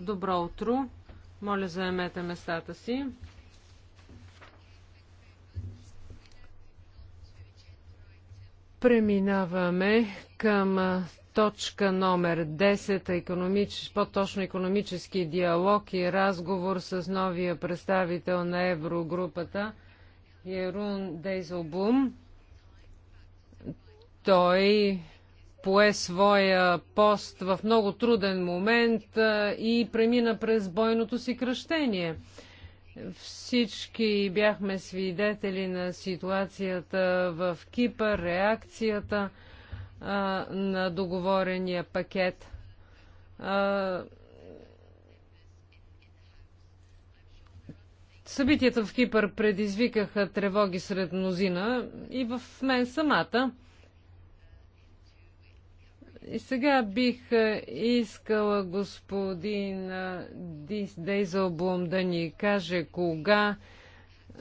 Добро утро. Моля, заемете местата си. Преминаваме към точка номер 10, економич... по-точно економически диалог и разговор с новия представител на Еврогрупата Ерун Дейзелбум. Той пое своя пост в много труден момент и премина през бойното си кръщение. Всички бяхме свидетели на ситуацията в Кипър, реакцията а, на договорения пакет. А, събитията в Кипър предизвикаха тревоги сред мнозина и в мен самата. И сега бих е, искала господин е, Дейзълбум да ни каже кога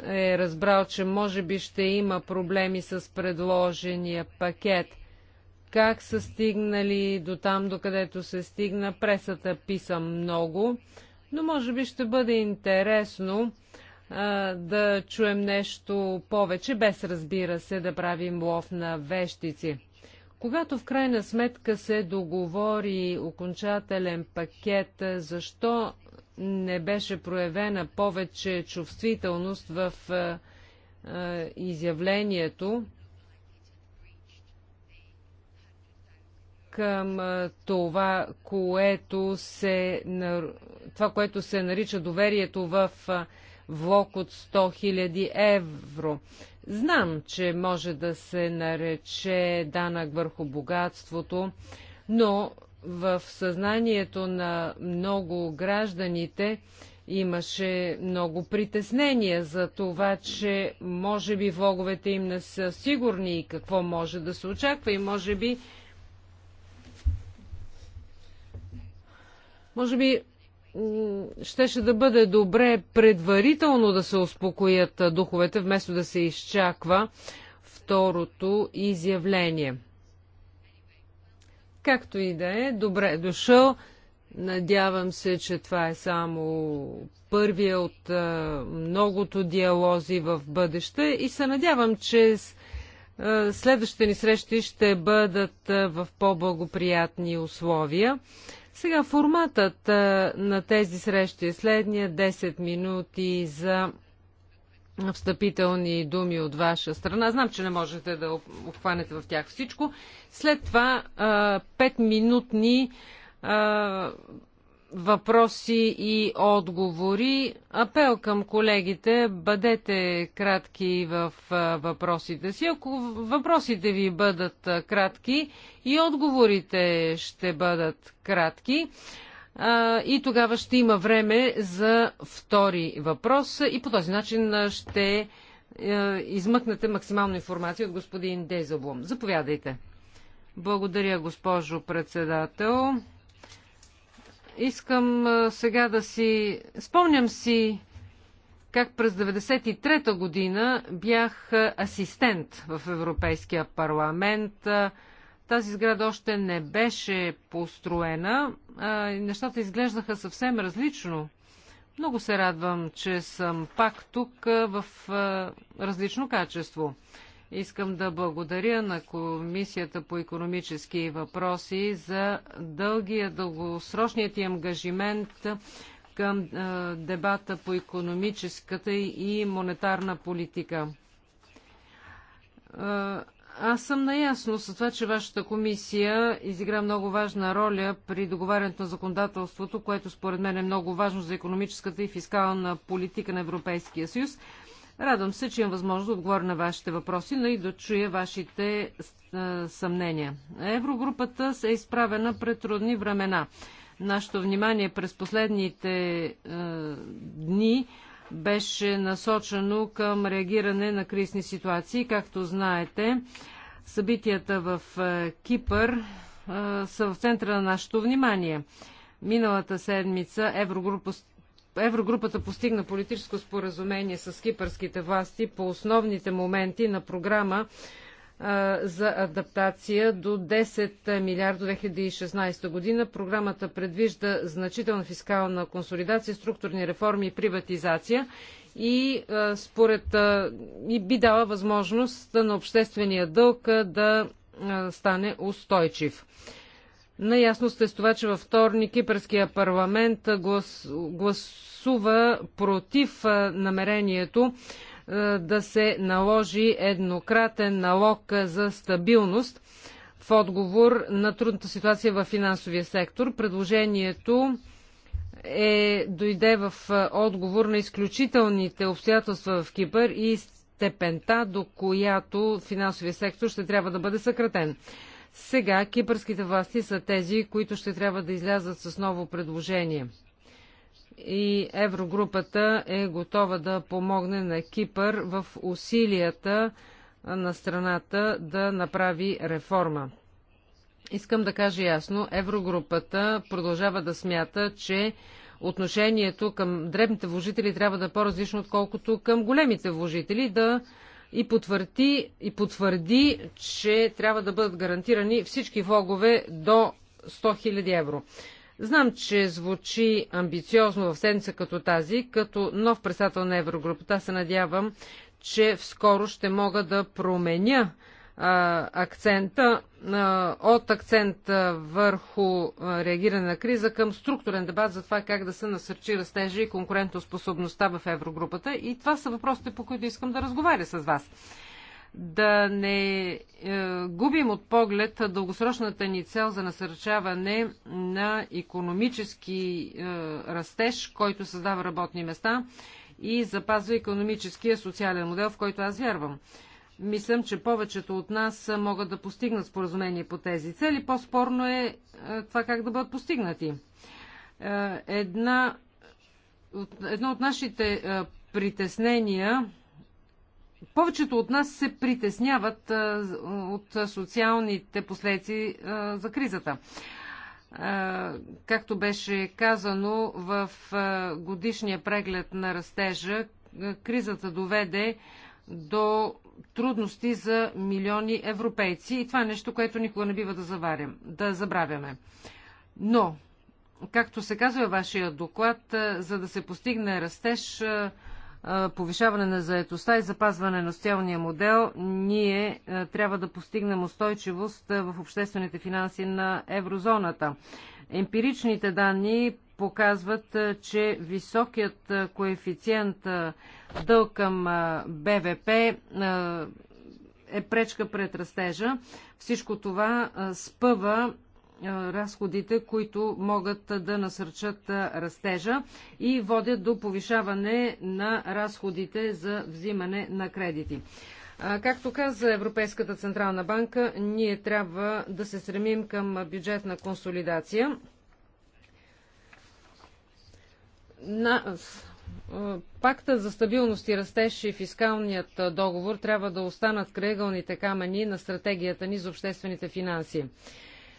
е разбрал, че може би ще има проблеми с предложения пакет. Как са стигнали до там, докъдето се стигна? Пресата писа много, но може би ще бъде интересно а, е, да чуем нещо повече, без разбира се да правим лов на вещици. Когато в крайна сметка се договори окончателен пакет, защо не беше проявена повече чувствителност в изявлението към това, което се, това, което се нарича доверието в влог от 100 000 евро. Знам, че може да се нарече данък върху богатството, но в съзнанието на много гражданите имаше много притеснения за това, че може би влоговете им не са сигурни и какво може да се очаква и може би може би щеше да бъде добре предварително да се успокоят духовете, вместо да се изчаква второто изявление. Както и да е, добре е дошъл. Надявам се, че това е само първия от многото диалози в бъдеще и се надявам, че следващите ни срещи ще бъдат в по-благоприятни условия. Сега форматът на тези срещи е следния 10 минути за встъпителни думи от ваша страна. Знам, че не можете да обхванете в тях всичко. След това 5-минутни въпроси и отговори. Апел към колегите, бъдете кратки в въпросите си. Ако въпросите ви бъдат кратки и отговорите ще бъдат кратки, и тогава ще има време за втори въпрос и по този начин ще измъкнете максимална информация от господин Дезаблом. Заповядайте. Благодаря, госпожо председател. Искам сега да си... Спомням си как през 93-та година бях асистент в Европейския парламент. Тази сграда още не беше построена. Нещата изглеждаха съвсем различно. Много се радвам, че съм пак тук в различно качество. Искам да благодаря на Комисията по економически въпроси за дългия, дългосрочният и ангажимент към е, дебата по економическата и монетарна политика. Е, аз съм наясно с това, че вашата комисия изигра много важна роля при договарянето на законодателството, което според мен е много важно за економическата и фискална политика на Европейския съюз. Радвам се, че имам възможност да отговоря на вашите въпроси, но и да чуя вашите съмнения. Еврогрупата се е изправена пред трудни времена. Нашето внимание през последните е, дни беше насочено към реагиране на кризни ситуации. Както знаете, събитията в Кипър е, са в центъра на нашето внимание. Миналата седмица Еврогрупата Еврогрупата постигна политическо споразумение с кипърските власти по основните моменти на програма за адаптация до 10 милиарда 2016 година. Програмата предвижда значителна фискална консолидация, структурни реформи и приватизация и според и би дала възможност на обществения дълг да стане устойчив. Наясно сте с това, че във вторник Кипърския парламент глас, гласува против намерението да се наложи еднократен налог за стабилност в отговор на трудната ситуация в финансовия сектор. Предложението е, дойде в отговор на изключителните обстоятелства в Кипър и степента, до която финансовия сектор ще трябва да бъде съкратен. Сега кипърските власти са тези, които ще трябва да излязат с ново предложение. И Еврогрупата е готова да помогне на Кипър в усилията на страната да направи реформа. Искам да кажа ясно, Еврогрупата продължава да смята, че отношението към дребните вложители трябва да е по-различно, отколкото към големите вложители, да и потвърди, и потвърди, че трябва да бъдат гарантирани всички влогове до 100 000 евро. Знам, че звучи амбициозно в седмица като тази, като нов председател на Еврогрупата се надявам, че скоро ще мога да променя акцента от акцент върху реагиране на криза към структурен дебат за това как да се насърчи растежа и конкурентоспособността в еврогрупата. И това са въпросите, по които искам да разговаря с вас. Да не е, губим от поглед дългосрочната ни цел за насърчаване на економически е, растеж, който създава работни места и запазва економическия социален модел, в който аз вярвам. Мислям, че повечето от нас могат да постигнат споразумение по тези цели. По-спорно е, е това как да бъдат постигнати. Е, една, едно от нашите е, притеснения повечето от нас се притесняват от социалните последици за кризата. както беше казано в годишния преглед на растежа, кризата доведе до трудности за милиони европейци и това е нещо, което никога не бива да, заварям, да забравяме. Но, както се казва вашия доклад, за да се постигне растеж, повишаване на заетостта и запазване на социалния модел, ние трябва да постигнем устойчивост в обществените финанси на еврозоната. Емпиричните данни показват, че високият коефициент дълг към БВП е пречка пред растежа. Всичко това спъва разходите, които могат да насърчат растежа и водят до повишаване на разходите за взимане на кредити. Както каза Европейската Централна банка, ние трябва да се стремим към бюджетна консолидация на... пакта за стабилност и растеж и фискалният договор трябва да останат крегълните камъни на стратегията ни за обществените финанси.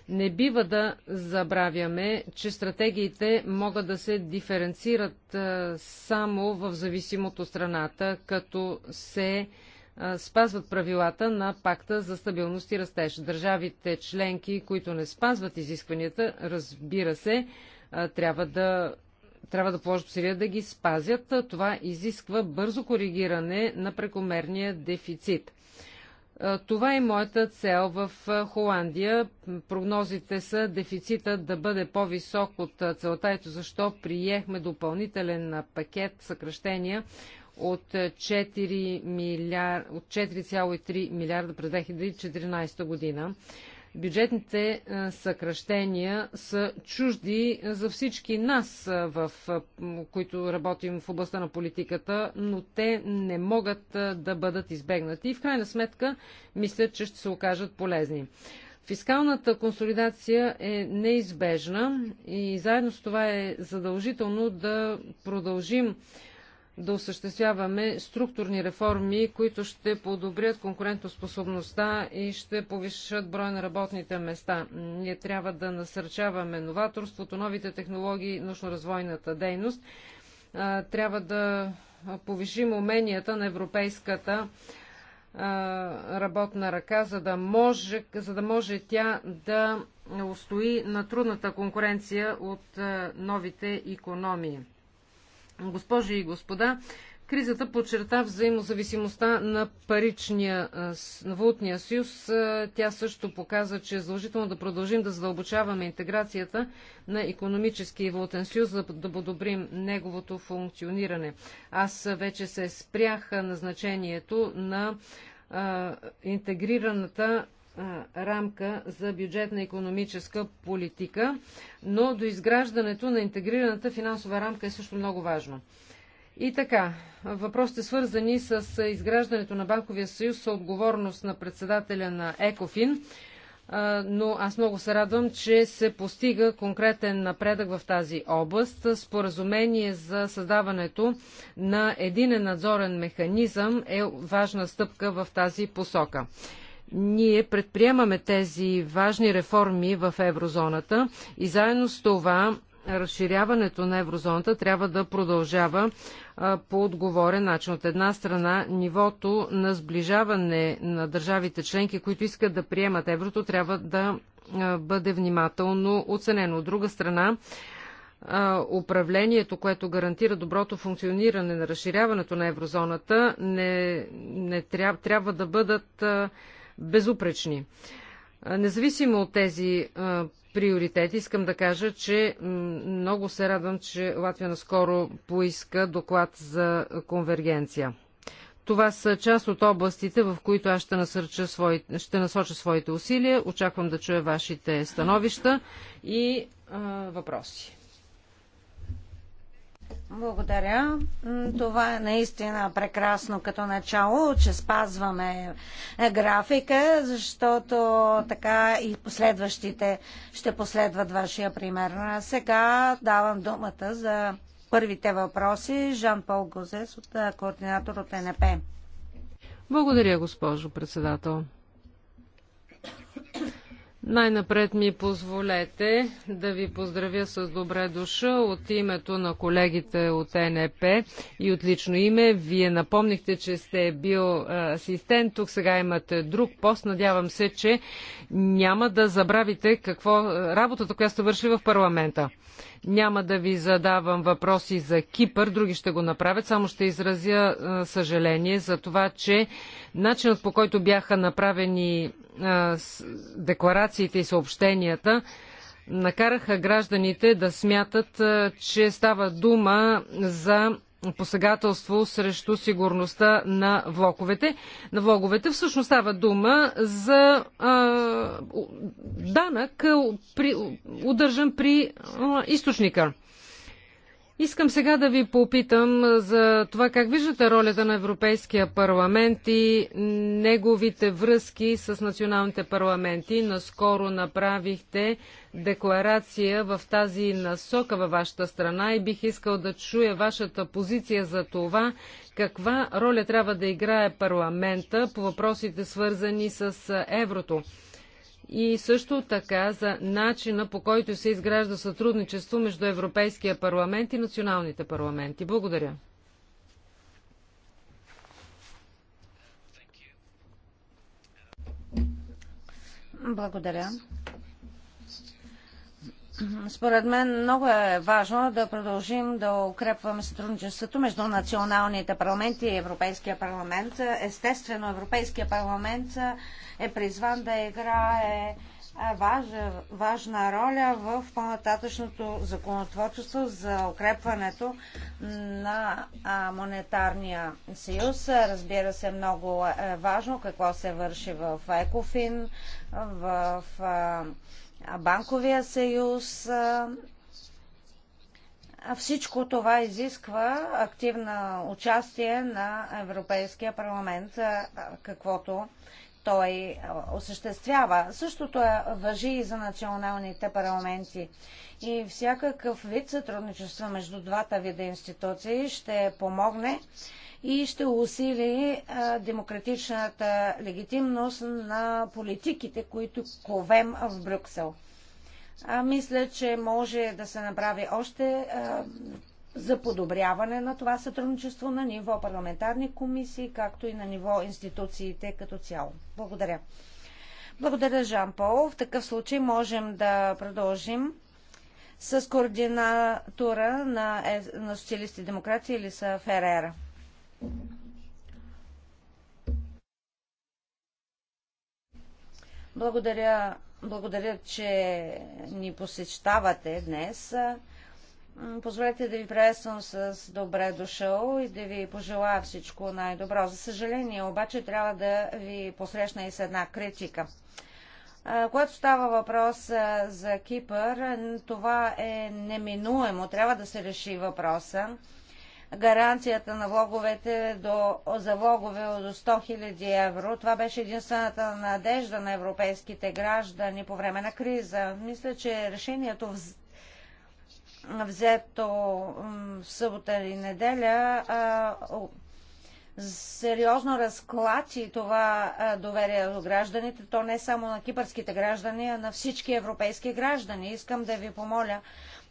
Не бива да забравяме, че стратегиите могат да се диференцират само в зависимост от страната, като се спазват правилата на пакта за стабилност и растеж. Държавите членки, които не спазват изискванията, разбира се, трябва да трябва да положат усилия да ги спазят. Това изисква бързо коригиране на прекомерния дефицит. Това е моята цел в Холандия. Прогнозите са дефицита да бъде по-висок от целата, Ето защо приехме допълнителен пакет съкръщения от 4,3 милиар... милиарда през 2014 година бюджетните съкръщения са чужди за всички нас, в които работим в областта на политиката, но те не могат да бъдат избегнати и в крайна сметка мисля, че ще се окажат полезни. Фискалната консолидация е неизбежна и заедно с това е задължително да продължим да осъществяваме структурни реформи, които ще подобрят конкурентоспособността и ще повишат брой на работните места. Ние трябва да насърчаваме новаторството, новите технологии, научно-развойната дейност. Трябва да повишим уменията на европейската работна ръка, за да може, за да може тя да устои на трудната конкуренция от новите економии. Госпожи и господа, кризата подчерта взаимозависимостта на паричния, на валутния съюз. Тя също показа, че е задължително да продължим да задълбочаваме интеграцията на економически и валутен съюз, за да подобрим неговото функциониране. Аз вече се спрях на значението на интегрираната рамка за бюджетна економическа политика, но до изграждането на интегрираната финансова рамка е също много важно. И така, въпросите свързани с изграждането на Банковия съюз са отговорност на председателя на ЕКОФИН, но аз много се радвам, че се постига конкретен напредък в тази област. Споразумение за създаването на единен надзорен механизъм е важна стъпка в тази посока ние предприемаме тези важни реформи в еврозоната и заедно с това разширяването на еврозоната трябва да продължава по отговорен начин. От една страна, нивото на сближаване на държавите членки, които искат да приемат еврото, трябва да бъде внимателно оценено. От друга страна, управлението, което гарантира доброто функциониране на разширяването на еврозоната, не, не тряб, трябва да бъдат безупречни. Независимо от тези приоритети, искам да кажа, че много се радвам, че Латвия наскоро поиска доклад за конвергенция. Това са част от областите, в които аз ще, насърча ще насоча своите усилия. Очаквам да чуя вашите становища и а, въпроси. Благодаря. Това е наистина прекрасно като начало, че спазваме графика, защото така и последващите ще последват вашия пример. А сега давам думата за първите въпроси. Жан-Пол Гозес, от координатор от НП. Благодаря, госпожо председател. Най-напред ми позволете да ви поздравя с добре душа от името на колегите от НЕП и от лично име. Вие напомнихте, че сте бил асистент, тук сега имате друг пост. Надявам се, че няма да забравите какво работата, която сте вършили в парламента. Няма да ви задавам въпроси за Кипър, други ще го направят, само ще изразя съжаление за това, че начинът по който бяха направени декларациите и съобщенията, накараха гражданите да смятат, че става дума за посегателство срещу сигурността на влоковете. На влоговете всъщност става дума за а, данък, удържан при а, източника. Искам сега да ви попитам за това как виждате ролята на Европейския парламент и неговите връзки с националните парламенти. Наскоро направихте декларация в тази насока във вашата страна и бих искал да чуя вашата позиция за това каква роля трябва да играе парламента по въпросите свързани с еврото и също така за начина по който се изгражда сътрудничество между Европейския парламент и националните парламенти. Благодаря. Благодаря. Според мен много е важно да продължим да укрепваме сътрудничеството между националните парламенти и Европейския парламент. Естествено, Европейския парламент е призван да играе е, важна, важна роля в по-нататъчното законотворчество за укрепването на монетарния съюз. Разбира се, много е важно какво се върши в Екофин, в банковия съюз. Всичко това изисква активно участие на Европейския парламент, каквото той осъществява. Същото е, въжи и за националните парламенти. И всякакъв вид сътрудничество между двата вида институции ще помогне и ще усили демократичната легитимност на политиките, които ковем в Брюксел. А, мисля, че може да се направи още а, за подобряване на това сътрудничество на ниво парламентарни комисии, както и на ниво институциите като цяло. Благодаря. Благодаря, Жан Пол. В такъв случай можем да продължим с координатора на, е... на социалисти демократи Елиса Ферера. Благодаря, благодаря, че ни посещавате днес. Позволете да ви приветствам с добре дошъл и да ви пожелая всичко най-добро. За съжаление, обаче трябва да ви посрещна и с една критика. Когато става въпрос за Кипър, това е неминуемо. Трябва да се реши въпроса. Гаранцията на влоговете до, за влогове до 100 000 евро. Това беше единствената надежда на европейските граждани по време на криза. Мисля, че решението взето в събота или неделя, сериозно разклати това доверие до гражданите, то не само на кипърските граждани, а на всички европейски граждани. Искам да ви помоля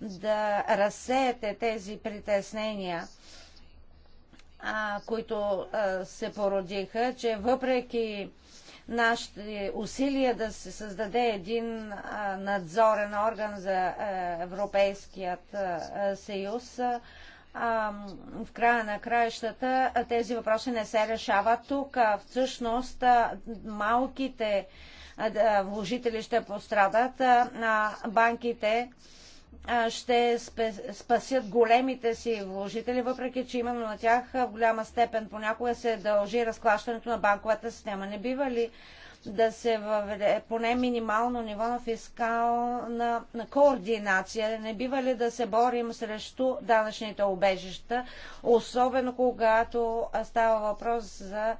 да разсеете тези притеснения, които се породиха, че въпреки нашите усилия да се създаде един надзорен орган за Европейският съюз, в края на краищата тези въпроси не се решават тук. Всъщност малките вложители ще пострадат, а банките ще спасят големите си вложители, въпреки че именно на тях в голяма степен понякога се дължи разклащането на банковата система. Не бива ли да се въведе поне минимално ниво на фискална на координация. Не бива ли да се борим срещу данъчните обежища, особено когато става въпрос за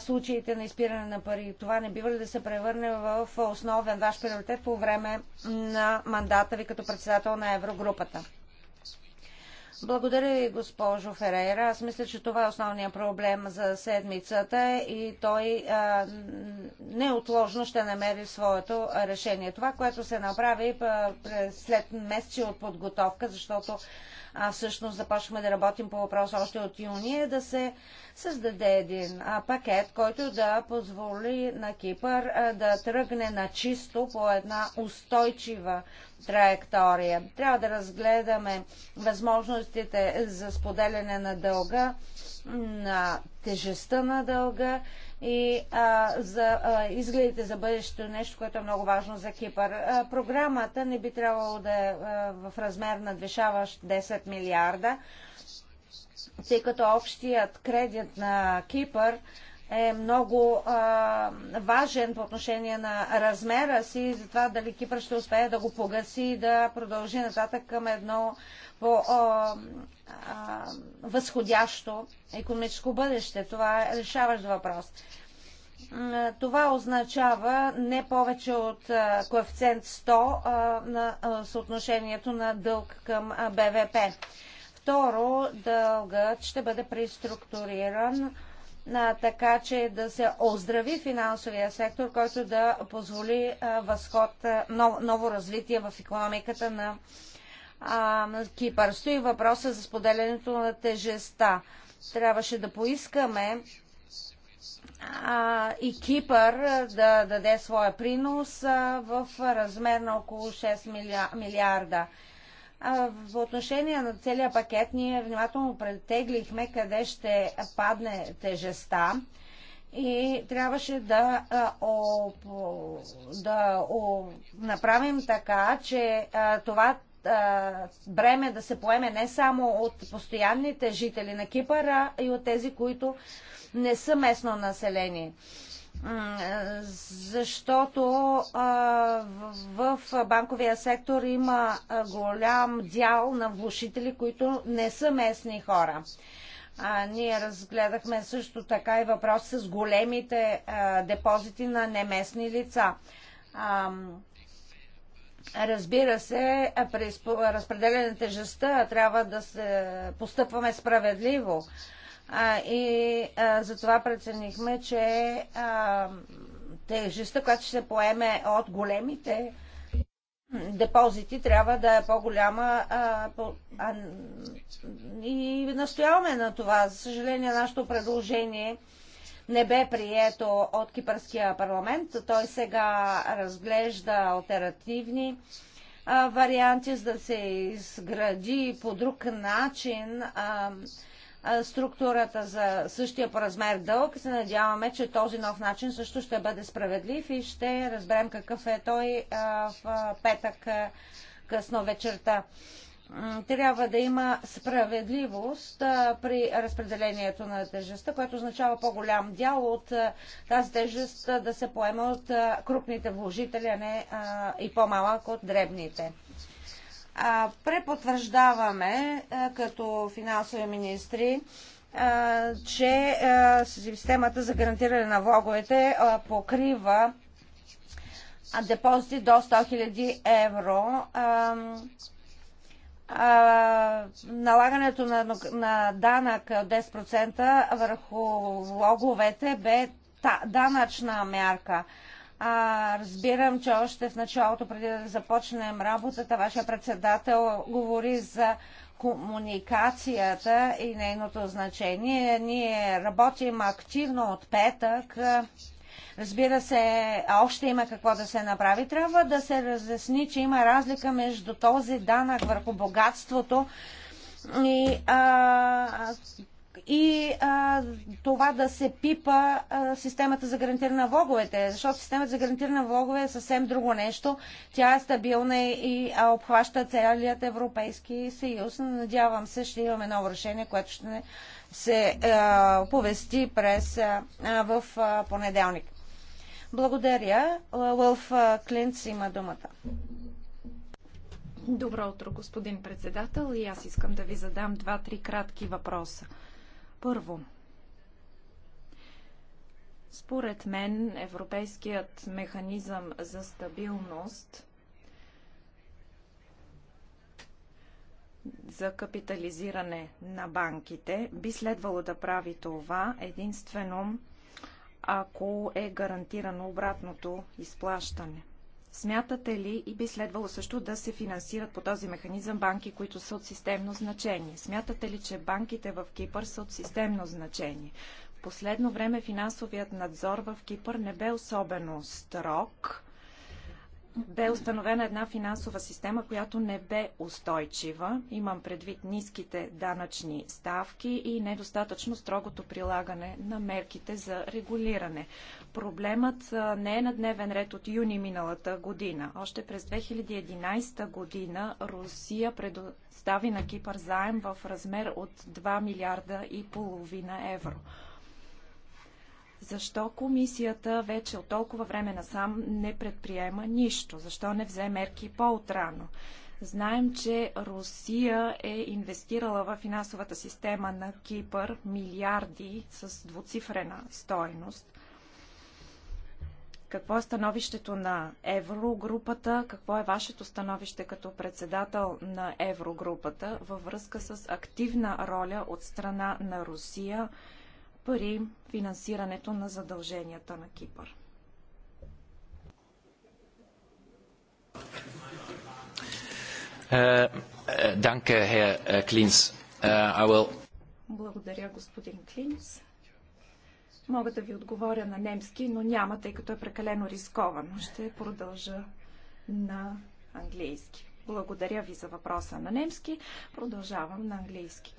случаите на изпиране на пари. Това не бива ли да се превърне в основен ваш приоритет по време на мандата ви като председател на Еврогрупата? Благодаря ви, госпожо Ферейра. Аз мисля, че това е основният проблем за седмицата и той а, неотложно ще намери своето решение. Това, което се направи а, след месеци от подготовка, защото а всъщност започнахме да работим по въпроса още от юни, е да се създаде един пакет, който да позволи на Кипър да тръгне на чисто по една устойчива траектория. Трябва да разгледаме възможностите за споделяне на дълга, на тежестта на дълга и а, за а, изгледите за бъдещето, е нещо, което е много важно за Кипър. А, програмата не би трябвало да е в размер на надвишаващ 10 милиарда, тъй като общият кредит на Кипър е много а, важен по отношение на размера си, и за това дали Кипър ще успее да го погаси и да продължи нататък към едно по-възходящо економическо бъдеще. Това е решаващ въпрос. Това означава не повече от коефициент 100 на съотношението на дълг към БВП. Второ, дългът ще бъде преструктуриран така, че да се оздрави финансовия сектор, който да позволи възход, ново развитие в економиката на а, Кипър. Стои въпроса за споделянето на тежеста. Трябваше да поискаме а, и Кипър да даде своя принос а, в размер на около 6 милиар, милиарда. А, в отношение на целия пакет ние внимателно претеглихме къде ще падне тежеста и трябваше да, о, да о, направим така, че а, това бреме да се поеме не само от постоянните жители на Кипър, а и от тези, които не са местно население защото в, банковия сектор има голям дял на влушители, които не са местни хора. А, ние разгледахме също така и въпрос с големите а, депозити на неместни лица. Разбира се, при разпределяне на тежестта трябва да се постъпваме справедливо. А, и а, затова преценихме, че а, тежестта, която ще се поеме от големите депозити, трябва да е по-голяма. По, и настояваме на това. За съжаление, нашето предложение не бе прието от Кипърския парламент. Той сега разглежда альтернативни а, варианти, за да се изгради по друг начин а, структурата за същия по размер дълг. Се надяваме, че този нов начин също ще бъде справедлив и ще разберем какъв е той в петък късно вечерта трябва да има справедливост при разпределението на тежестта, което означава по-голям дял от тази тежест да се поема от крупните вложители, а не и по-малък от дребните. Препотвърждаваме като финансови министри, че системата за гарантиране на влоговете покрива депозити до 100 000 евро а, налагането на, на данък 10% върху влоговете бе та, данъчна мярка. А, разбирам, че още в началото, преди да започнем работата, вашия председател говори за комуникацията и нейното значение. Ние работим активно от петък Разбира се, още има какво да се направи. Трябва да се разясни, че има разлика между този данък върху богатството и, а, и а, това да се пипа а, системата за гарантиране на влоговете, защото системата за гарантиране на влогове е съвсем друго нещо. Тя е стабилна и а, обхваща целият Европейски съюз. Надявам се, ще имаме ново решение, което ще се а, повести през, а, в а, понеделник. Благодаря. Лъв Клинц има думата. Добро утро, господин председател. И аз искам да ви задам два-три кратки въпроса. Първо, според мен Европейският механизъм за стабилност за капитализиране на банките би следвало да прави това единствено ако е гарантирано обратното изплащане. Смятате ли и би следвало също да се финансират по този механизъм банки, които са от системно значение? Смятате ли, че банките в Кипър са от системно значение? В последно време финансовият надзор в Кипър не бе особено строг бе установена една финансова система, която не бе устойчива. Имам предвид ниските данъчни ставки и недостатъчно строгото прилагане на мерките за регулиране. Проблемът не е на дневен ред от юни миналата година. Още през 2011 година Русия предостави на Кипър заем в размер от 2 милиарда и половина евро. Защо комисията вече от толкова време насам не предприема нищо? Защо не взе мерки по-отрано? Знаем, че Русия е инвестирала в финансовата система на Кипър милиарди с двуцифрена стойност. Какво е становището на Еврогрупата? Какво е вашето становище като председател на Еврогрупата във връзка с активна роля от страна на Русия при финансирането на задълженията на Кипър. Е, е, е, Благодаря, господин Клинс. Мога да ви отговоря на немски, но няма, тъй като е прекалено рисковано. Ще продължа на английски. Благодаря ви за въпроса на немски. Продължавам на английски.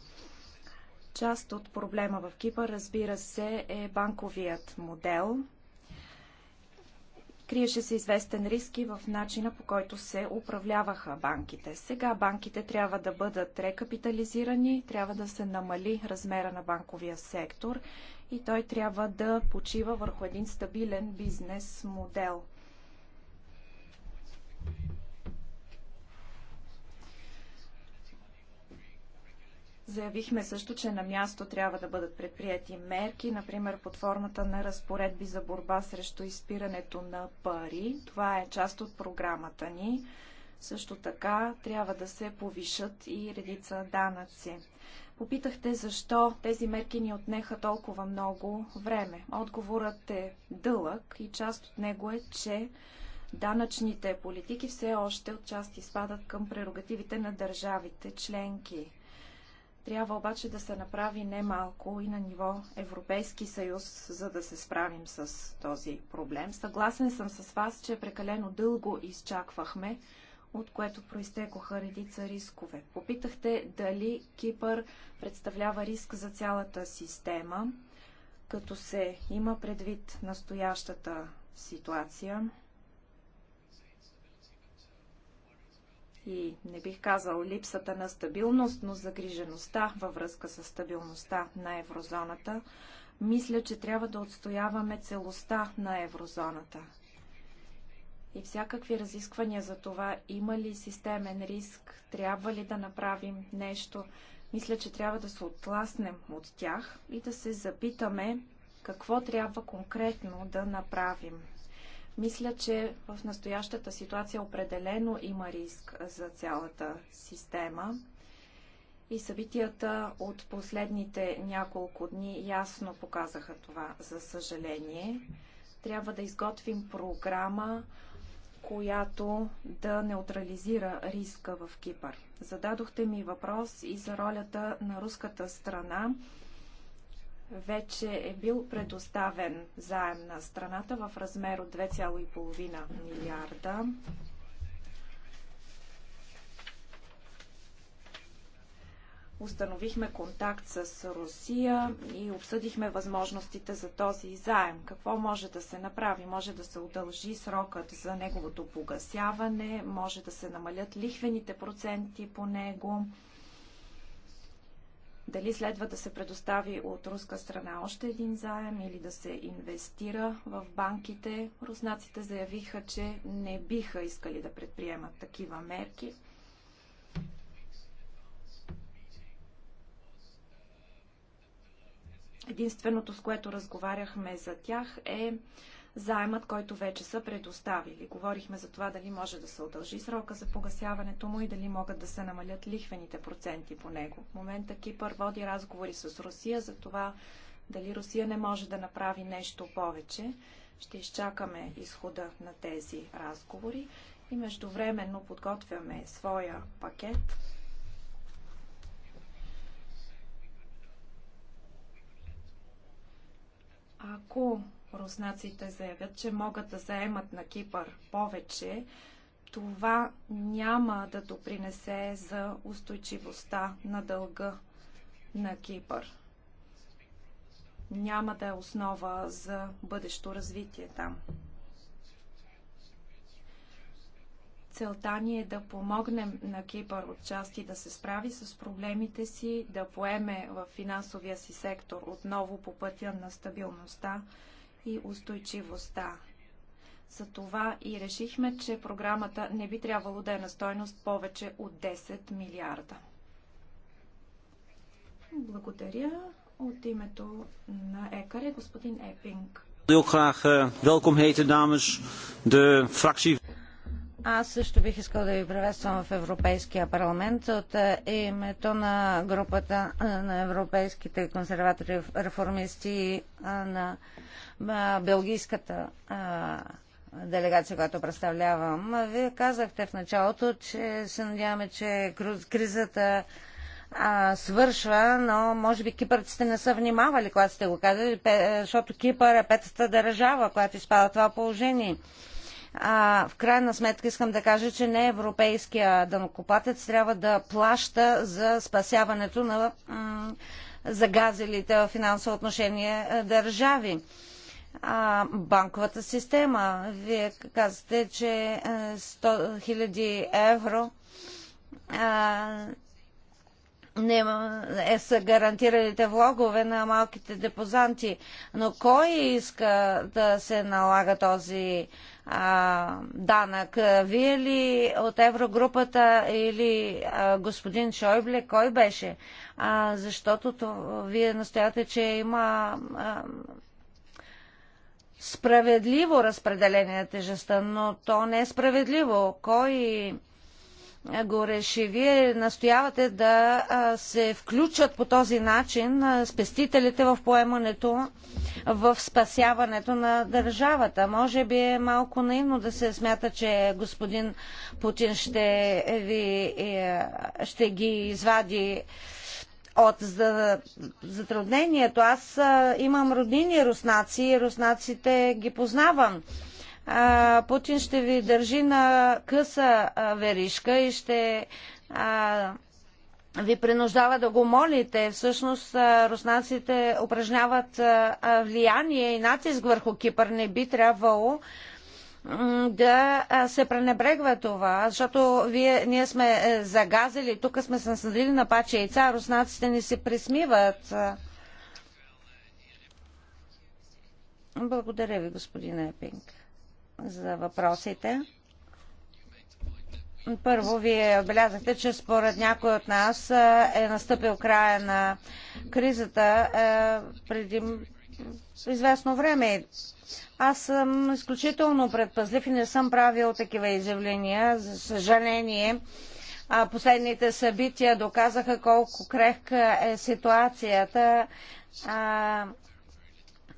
Част от проблема в Кипър, разбира се, е банковият модел. Криеше се известен риск в начина по който се управляваха банките. Сега банките трябва да бъдат рекапитализирани, трябва да се намали размера на банковия сектор и той трябва да почива върху един стабилен бизнес модел – Заявихме също, че на място трябва да бъдат предприяти мерки, например под формата на разпоредби за борба срещу изпирането на пари. Това е част от програмата ни. Също така трябва да се повишат и редица данъци. Попитахте защо тези мерки ни отнеха толкова много време. Отговорът е дълъг и част от него е, че данъчните политики все още отчасти спадат към прерогативите на държавите членки. Трябва обаче да се направи немалко и на ниво Европейски съюз, за да се справим с този проблем. Съгласен съм с вас, че прекалено дълго изчаквахме, от което проистекоха редица рискове. Попитахте дали Кипър представлява риск за цялата система, като се има предвид настоящата ситуация. и не бих казал липсата на стабилност, но загрижеността във връзка с стабилността на еврозоната, мисля, че трябва да отстояваме целостта на еврозоната. И всякакви разисквания за това има ли системен риск, трябва ли да направим нещо, мисля, че трябва да се отласнем от тях и да се запитаме какво трябва конкретно да направим. Мисля, че в настоящата ситуация определено има риск за цялата система. И събитията от последните няколко дни ясно показаха това, за съжаление. Трябва да изготвим програма, която да неутрализира риска в Кипър. Зададохте ми въпрос и за ролята на руската страна вече е бил предоставен заем на страната в размер от 2,5 милиарда. Установихме контакт с Русия и обсъдихме възможностите за този заем. Какво може да се направи? Може да се удължи срокът за неговото погасяване, може да се намалят лихвените проценти по него дали следва да се предостави от руска страна още един заем или да се инвестира в банките, руснаците заявиха, че не биха искали да предприемат такива мерки. Единственото, с което разговаряхме за тях е заемът, който вече са предоставили. Говорихме за това дали може да се удължи срока за погасяването му и дали могат да се намалят лихвените проценти по него. В момента Кипър води разговори с Русия за това дали Русия не може да направи нещо повече. Ще изчакаме изхода на тези разговори и междувременно подготвяме своя пакет ако руснаците заявят, че могат да заемат на Кипър повече, това няма да допринесе за устойчивостта на дълга на Кипър. Няма да е основа за бъдещо развитие там. Целта ни е да помогнем на Кипър отчасти да се справи с проблемите си, да поеме в финансовия си сектор отново по пътя на стабилността, и устойчивостта. Затова и решихме, че програмата не би трябвало да е на стойност повече от 10 милиарда. Благодаря от името на ЕКАРЕ, господин Епинг. Heel graag eh, welkom heten namens de fractie. Аз също бих искал да ви приветствам в Европейския парламент от е, името на групата е, на европейските консерватори реформисти и е, на белгийската делегация, която представлявам. Вие казахте в началото, че се надяваме, че кризата свършва, но може би кипърците не са внимавали, когато сте го казали, защото Кипър е петата държава, която изпада това положение а, в крайна сметка искам да кажа, че не европейския данокопатец трябва да плаща за спасяването на загазилите в финансово отношение е, държави. А, банковата система. Вие казвате, че 100 е, 000 евро а, не е, са гарантираните влогове на малките депозанти. Но кой иска да се налага този а, а, данък. Вие ли от еврогрупата или а, господин Шойбле, кой беше? А, защото то, вие настояте, че има а, справедливо разпределение на тежестта, но то не е справедливо. Кой го реши. Вие настоявате да се включат по този начин спестителите в поемането, в спасяването на държавата. Може би е малко наивно да се смята, че господин Путин ще, ви, е, ще ги извади от затруднението. Аз имам роднини руснаци и руснаците ги познавам а, Путин ще ви държи на къса а, веришка и ще а, ви принуждава да го молите. Всъщност руснаците упражняват влияние и натиск върху Кипър. Не би трябвало да се пренебрегва това, защото вие, ние сме е, загазили, тук сме се насъдили на паче яйца, руснаците ни се присмиват. Благодаря ви, господин Епинг за въпросите. Първо, вие отбелязахте, че според някой от нас е настъпил края на кризата преди известно време. Аз съм изключително предпазлив и не съм правил такива изявления. За съжаление, последните събития доказаха колко крехка е ситуацията.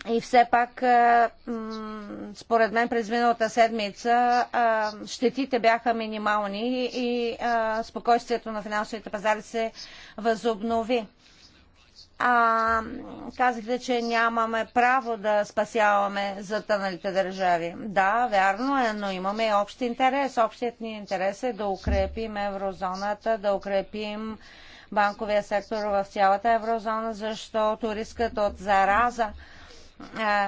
И все пак, е, според мен, през миналата седмица е, щетите бяха минимални и е, спокойствието на финансовите пазари се възобнови. А, казахте, че нямаме право да спасяваме затъналите държави. Да, вярно е, но имаме и общ интерес. Общият ни интерес е да укрепим еврозоната, да укрепим банковия сектор в цялата еврозона, защото рискът от зараза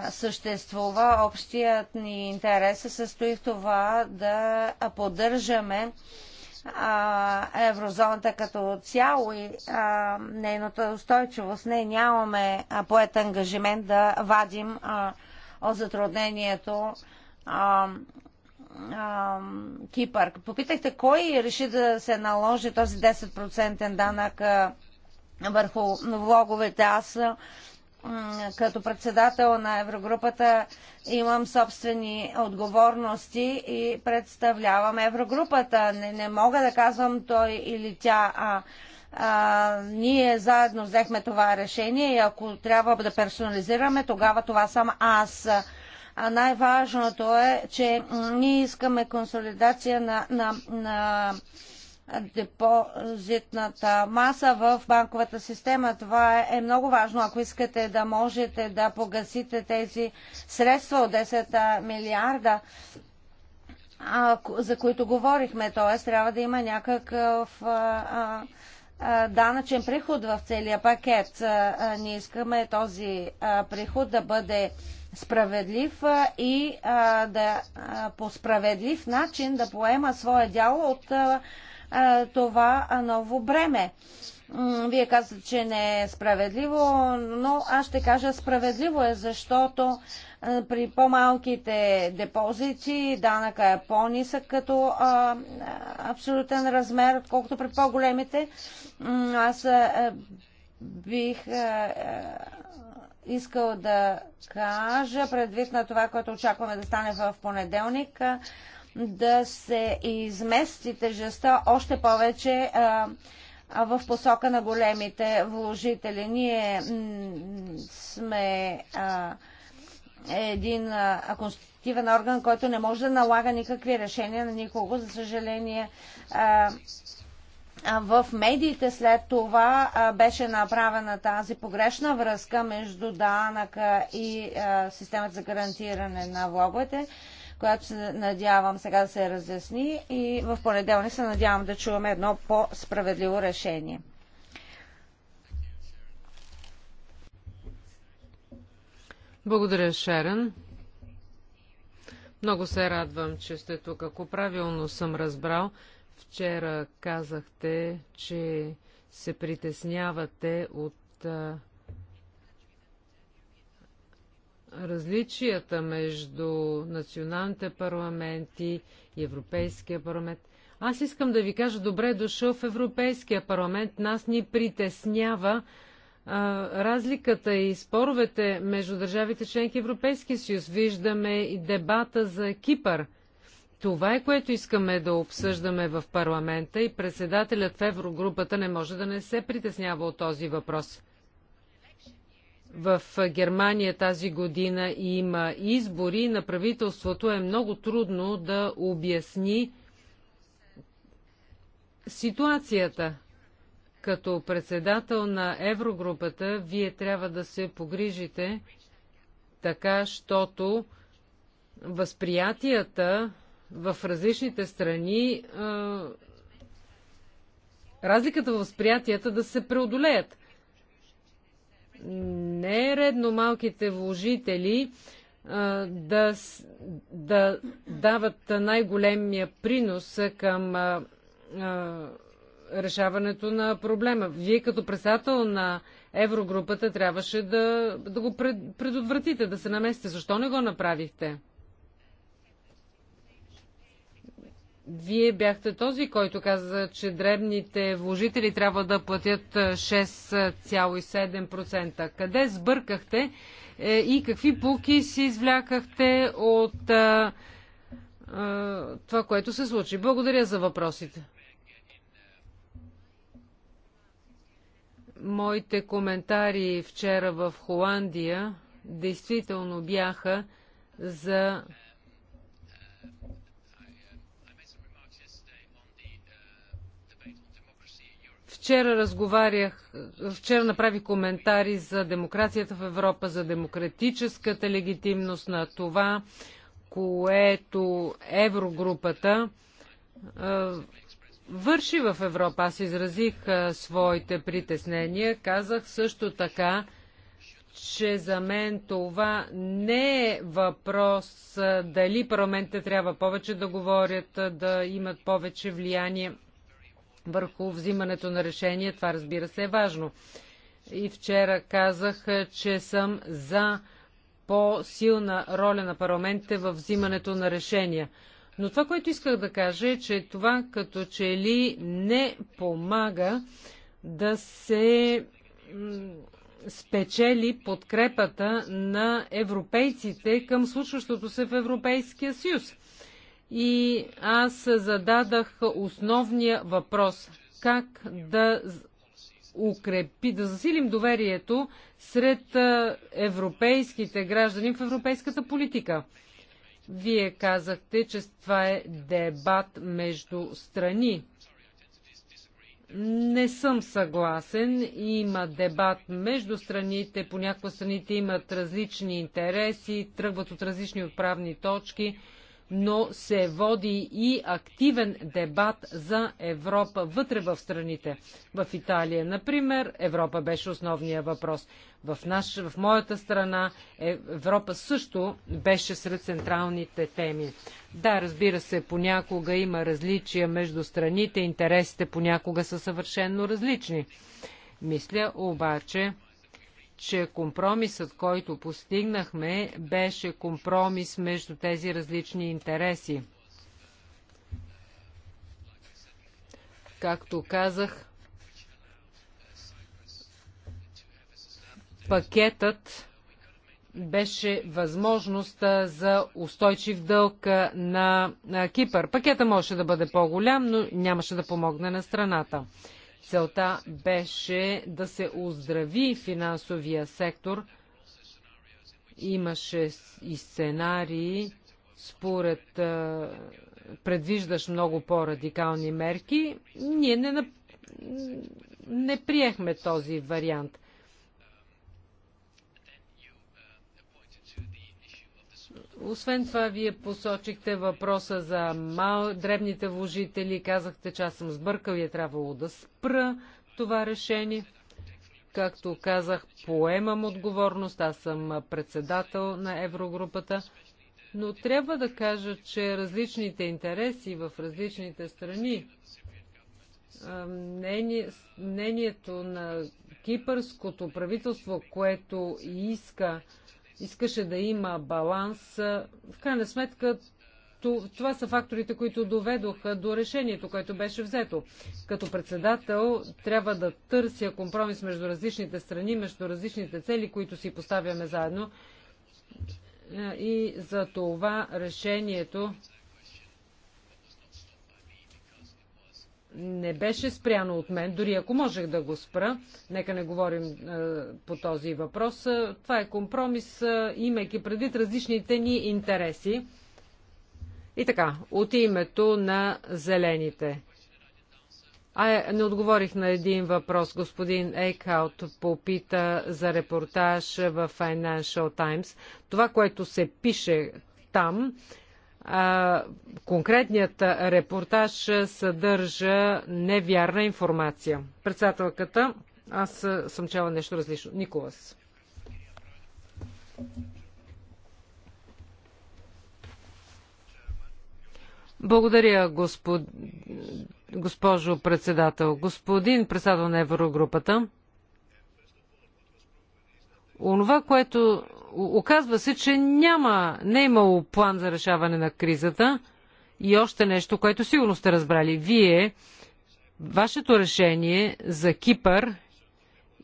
съществува. Общият ни интерес се състои в това да поддържаме еврозоната като цяло и нейната устойчивост. Не, нямаме поет ангажимент да вадим от затруднението Кипър. Попитахте кой реши да се наложи този 10% данък върху влоговете. Аз като председател на Еврогрупата имам собствени отговорности и представлявам Еврогрупата. Не, не мога да казвам той или тя, а, а ние заедно взехме това решение и ако трябва да персонализираме, тогава това съм аз. А най-важното е, че ние искаме консолидация на, на, на депозитната маса в банковата система. Това е много важно, ако искате да можете да погасите тези средства от 10 милиарда, за които говорихме. Т.е. трябва да има някакъв данъчен приход в целия пакет. Ние искаме този приход да бъде справедлив и да по справедлив начин да поема своя дял от а, това ново бреме. Вие казвате, че не е справедливо, но аз ще кажа справедливо е, защото при по-малките депозити данъка е по-нисък като а, абсолютен размер, отколкото при по-големите. Аз а, бих а, искал да кажа, предвид на това, което очакваме да стане в понеделник, да се измести тежестта още повече а, в посока на големите вложители. Ние сме а, един а, конститутивен орган, който не може да налага никакви решения на никого. За съжаление, а, в медиите след това беше направена тази погрешна връзка между данъка и системата за гарантиране на влоговете която се надявам сега да се разясни и в понеделник се надявам да чуваме едно по-справедливо решение. Благодаря, Шерен. Много се радвам, че сте тук. Ако правилно съм разбрал, вчера казахте, че се притеснявате от а, различията между националните парламенти и Европейския парламент. Аз искам да ви кажа, добре е дошъл в Европейския парламент. Нас ни притеснява а, разликата и споровете между държавите членки Европейския съюз. Виждаме и дебата за Кипър. Това е което искаме да обсъждаме в парламента и председателят в Еврогрупата не може да не се притеснява от този въпрос в Германия тази година има избори, на правителството е много трудно да обясни ситуацията. Като председател на Еврогрупата, вие трябва да се погрижите така, щото възприятията в различните страни, разликата в възприятията да се преодолеят. Не е редно малките вложители да, да дават най-големия принос към а, а, решаването на проблема. Вие като председател на Еврогрупата трябваше да, да го пред, предотвратите, да се наместите. Защо не го направихте? Вие бяхте този, който каза, че дребните вложители трябва да платят 6,7%. Къде сбъркахте е, и какви пуки си извлякахте от а, а, това, което се случи? Благодаря за въпросите. Моите коментари вчера в Холандия действително бяха за Вчера разговарях, вчера направих коментари за демокрацията в Европа, за демократическата легитимност на това, което Еврогрупата върши в Европа. Аз изразих своите притеснения. Казах също така, че за мен това не е въпрос дали парламентите трябва повече да говорят, да имат повече влияние върху взимането на решение. Това разбира се е важно. И вчера казах, е, че съм за по-силна роля на парламентите в взимането на решения. Но това, което исках да кажа е, че това като че ли не помага да се спечели подкрепата на европейците към случващото се в Европейския съюз и аз зададах основния въпрос – как да укрепи, да засилим доверието сред европейските граждани в европейската политика. Вие казахте, че това е дебат между страни. Не съм съгласен. Има дебат между страните. Понякога страните имат различни интереси, тръгват от различни отправни точки но се води и активен дебат за Европа вътре в страните. В Италия, например, Европа беше основния въпрос. В, наш, в моята страна е, Европа също беше сред централните теми. Да, разбира се, понякога има различия между страните, интересите понякога са съвършенно различни. Мисля обаче, че компромисът, който постигнахме, беше компромис между тези различни интереси. Както казах, пакетът беше възможност за устойчив дълг на Кипър. Пакета можеше да бъде по-голям, но нямаше да помогне на страната. Целта беше да се оздрави финансовия сектор. Имаше и сценарии, според предвиждаш много по-радикални мерки. Ние не, не приехме този вариант. Освен това, вие посочихте въпроса за мал... дребните вложители. Казахте, че аз съм сбъркал и е трябвало да спра това решение. Както казах, поемам отговорност. Аз съм председател на Еврогрупата. Но трябва да кажа, че различните интереси в различните страни, мнението на кипърското правителство, което иска искаше да има баланс. В крайна сметка това са факторите, които доведоха до решението, което беше взето. Като председател трябва да търся компромис между различните страни, между различните цели, които си поставяме заедно. Е, и за това решението не беше спряно от мен, дори ако можех да го спра, нека не говорим е, по този въпрос. Е, това е компромис, е, имайки предвид различните ни интереси. И така, от името на зелените. А, е, не отговорих на един въпрос. Господин Ейкхаут попита за репортаж в Financial Times. Това, което се пише там, а, конкретният репортаж съдържа невярна информация. Председателката, аз съм чела нещо различно. Николас. Благодаря, господ... госпожо председател. Господин председател на Еврогрупата, онова, което оказва се, че няма, не е имало план за решаване на кризата и още нещо, което сигурно сте разбрали. Вие, вашето решение за Кипър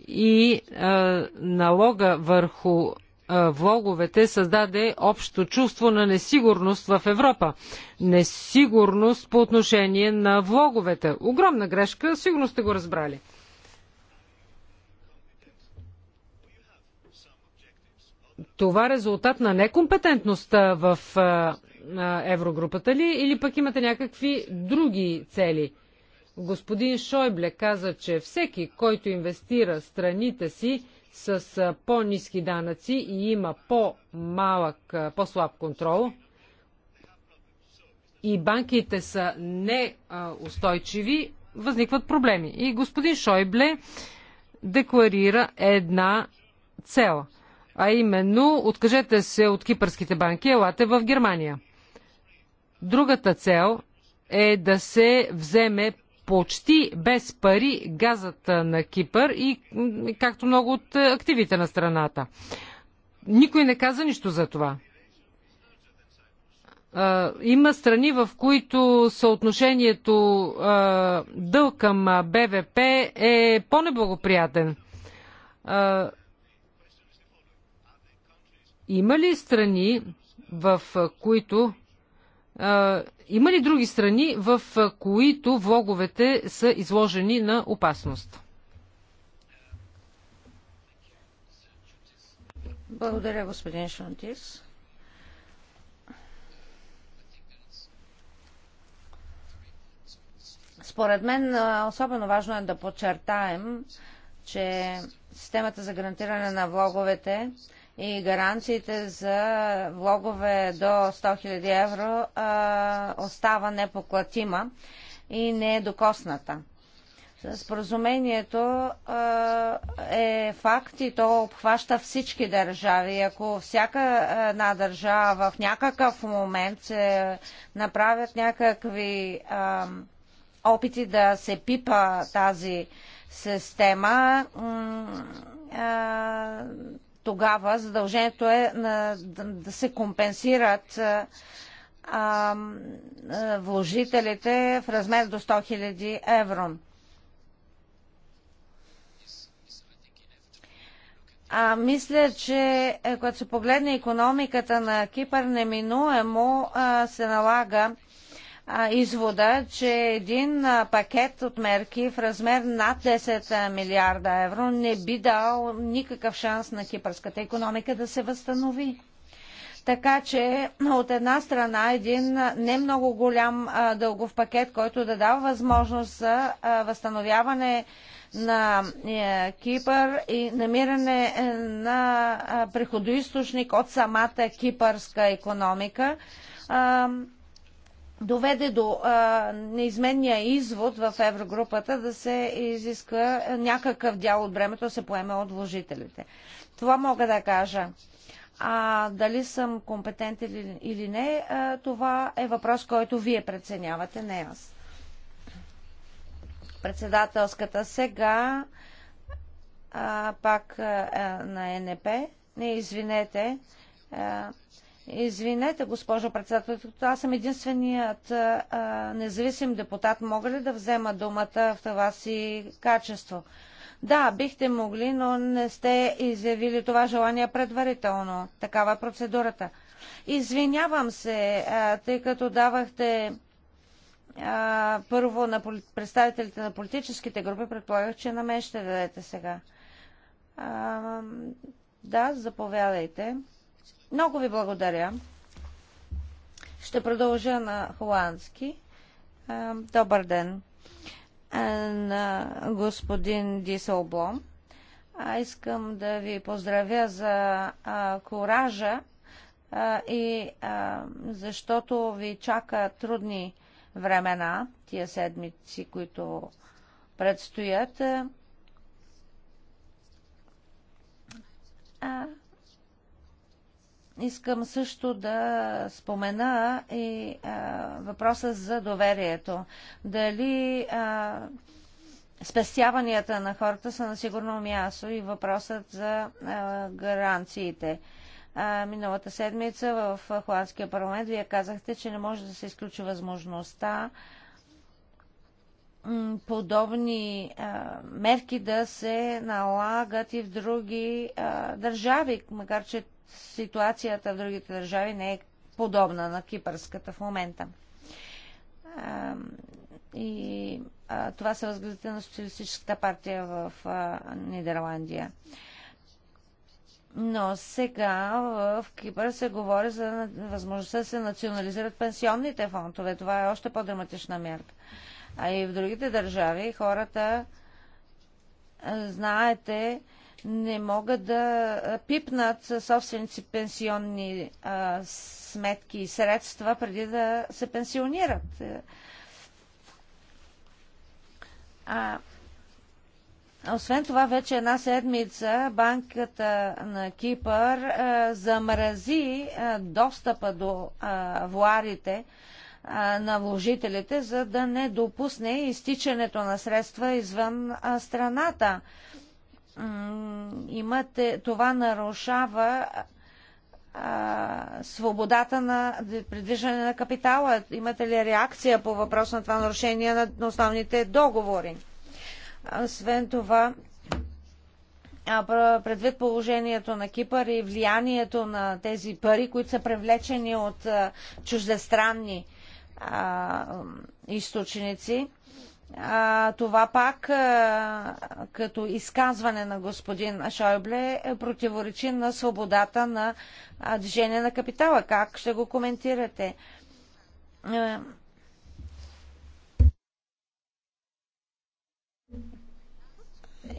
и а, налога върху а, влоговете създаде общо чувство на несигурност в Европа. Несигурност по отношение на влоговете. Огромна грешка, сигурно сте го разбрали. това резултат на некомпетентност в еврогрупата ли или пък имате някакви други цели? Господин Шойбле каза, че всеки, който инвестира страните си с по-низки данъци и има по-малък, по-слаб контрол, и банките са неустойчиви, възникват проблеми. И господин Шойбле декларира една цела. А именно, откажете се от кипърските банки, елате в Германия. Другата цел е да се вземе почти без пари газата на Кипър и както много от активите на страната. Никой не каза нищо за това. Има страни, в които съотношението дъл към БВП е по-неблагоприятен. Има ли страни, в които има ли други страни, в които влоговете са изложени на опасност? Благодаря, господин Шантис. Според мен особено важно е да подчертаем, че системата за гарантиране на влоговете и гаранциите за влогове до 100 000 евро а, остава непоклатима и не е докосната. Споразумението е факт и то обхваща всички държави. Ако всяка една държава в някакъв момент се направят някакви а, опити да се пипа тази система, а, тогава задължението е на, да, да се компенсират а, а, вложителите в размер до 100 000 евро. А, мисля, че е, когато се погледне економиката на Кипър, неминуемо а, се налага извода, че един пакет от мерки в размер над 10 милиарда евро не би дал никакъв шанс на кипърската економика да се възстанови. Така че от една страна един не много голям дългов пакет, който да дава възможност за възстановяване на е, Кипър и намиране е, на приходоисточник от самата кипърска економика доведе до а, неизменния извод в еврогрупата да се изиска някакъв дял от времето да се поеме от вложителите. Това мога да кажа. А дали съм компетентен или не, а, това е въпрос, който вие преценявате, не аз. Председателската сега а, пак а, на НП. Не, извинете. А, Извинете, госпожо председател, аз съм единственият а, независим депутат. Мога ли да взема думата в това си качество? Да, бихте могли, но не сте изявили това желание предварително. Такава е процедурата. Извинявам се, а, тъй като давахте а, първо на представителите на политическите групи, предполагах, че на мен ще дадете сега. А, да, заповядайте. Много ви благодаря. Ще продължа на холандски. Добър ден на господин Диселблом. Искам да ви поздравя за коража и защото ви чака трудни времена, тия седмици, които предстоят. Искам също да спомена и а, въпроса за доверието. Дали а, спестяванията на хората са на сигурно място и въпросът за а, гаранциите. А, миналата седмица в Холандския парламент вие казахте, че не може да се изключи възможността подобни а, мерки да се налагат и в други а, държави, макар че ситуацията в другите държави не е подобна на кипърската в момента. и това са възгледите на Социалистическата партия в Нидерландия. Но сега в Кипър се говори за възможността да се национализират пенсионните фондове. Това е още по-драматична мярка. А и в другите държави хората, знаете, не могат да пипнат собствените пенсионни а, сметки и средства преди да се пенсионират. А, освен това, вече една седмица банката на Кипър а, замрази а, достъпа до а, вуарите а, на вложителите, за да не допусне изтичането на средства извън а, страната. А, имате, това нарушава а, свободата на придвижване на капитала. Имате ли реакция по въпрос на това нарушение на основните договори? Освен това, предвид положението на Кипър и влиянието на тези пари, които са привлечени от чуждестранни а, източници, а, това пак а, като изказване на господин Шойбле е, противоречи на свободата на движение на капитала. Как ще го коментирате?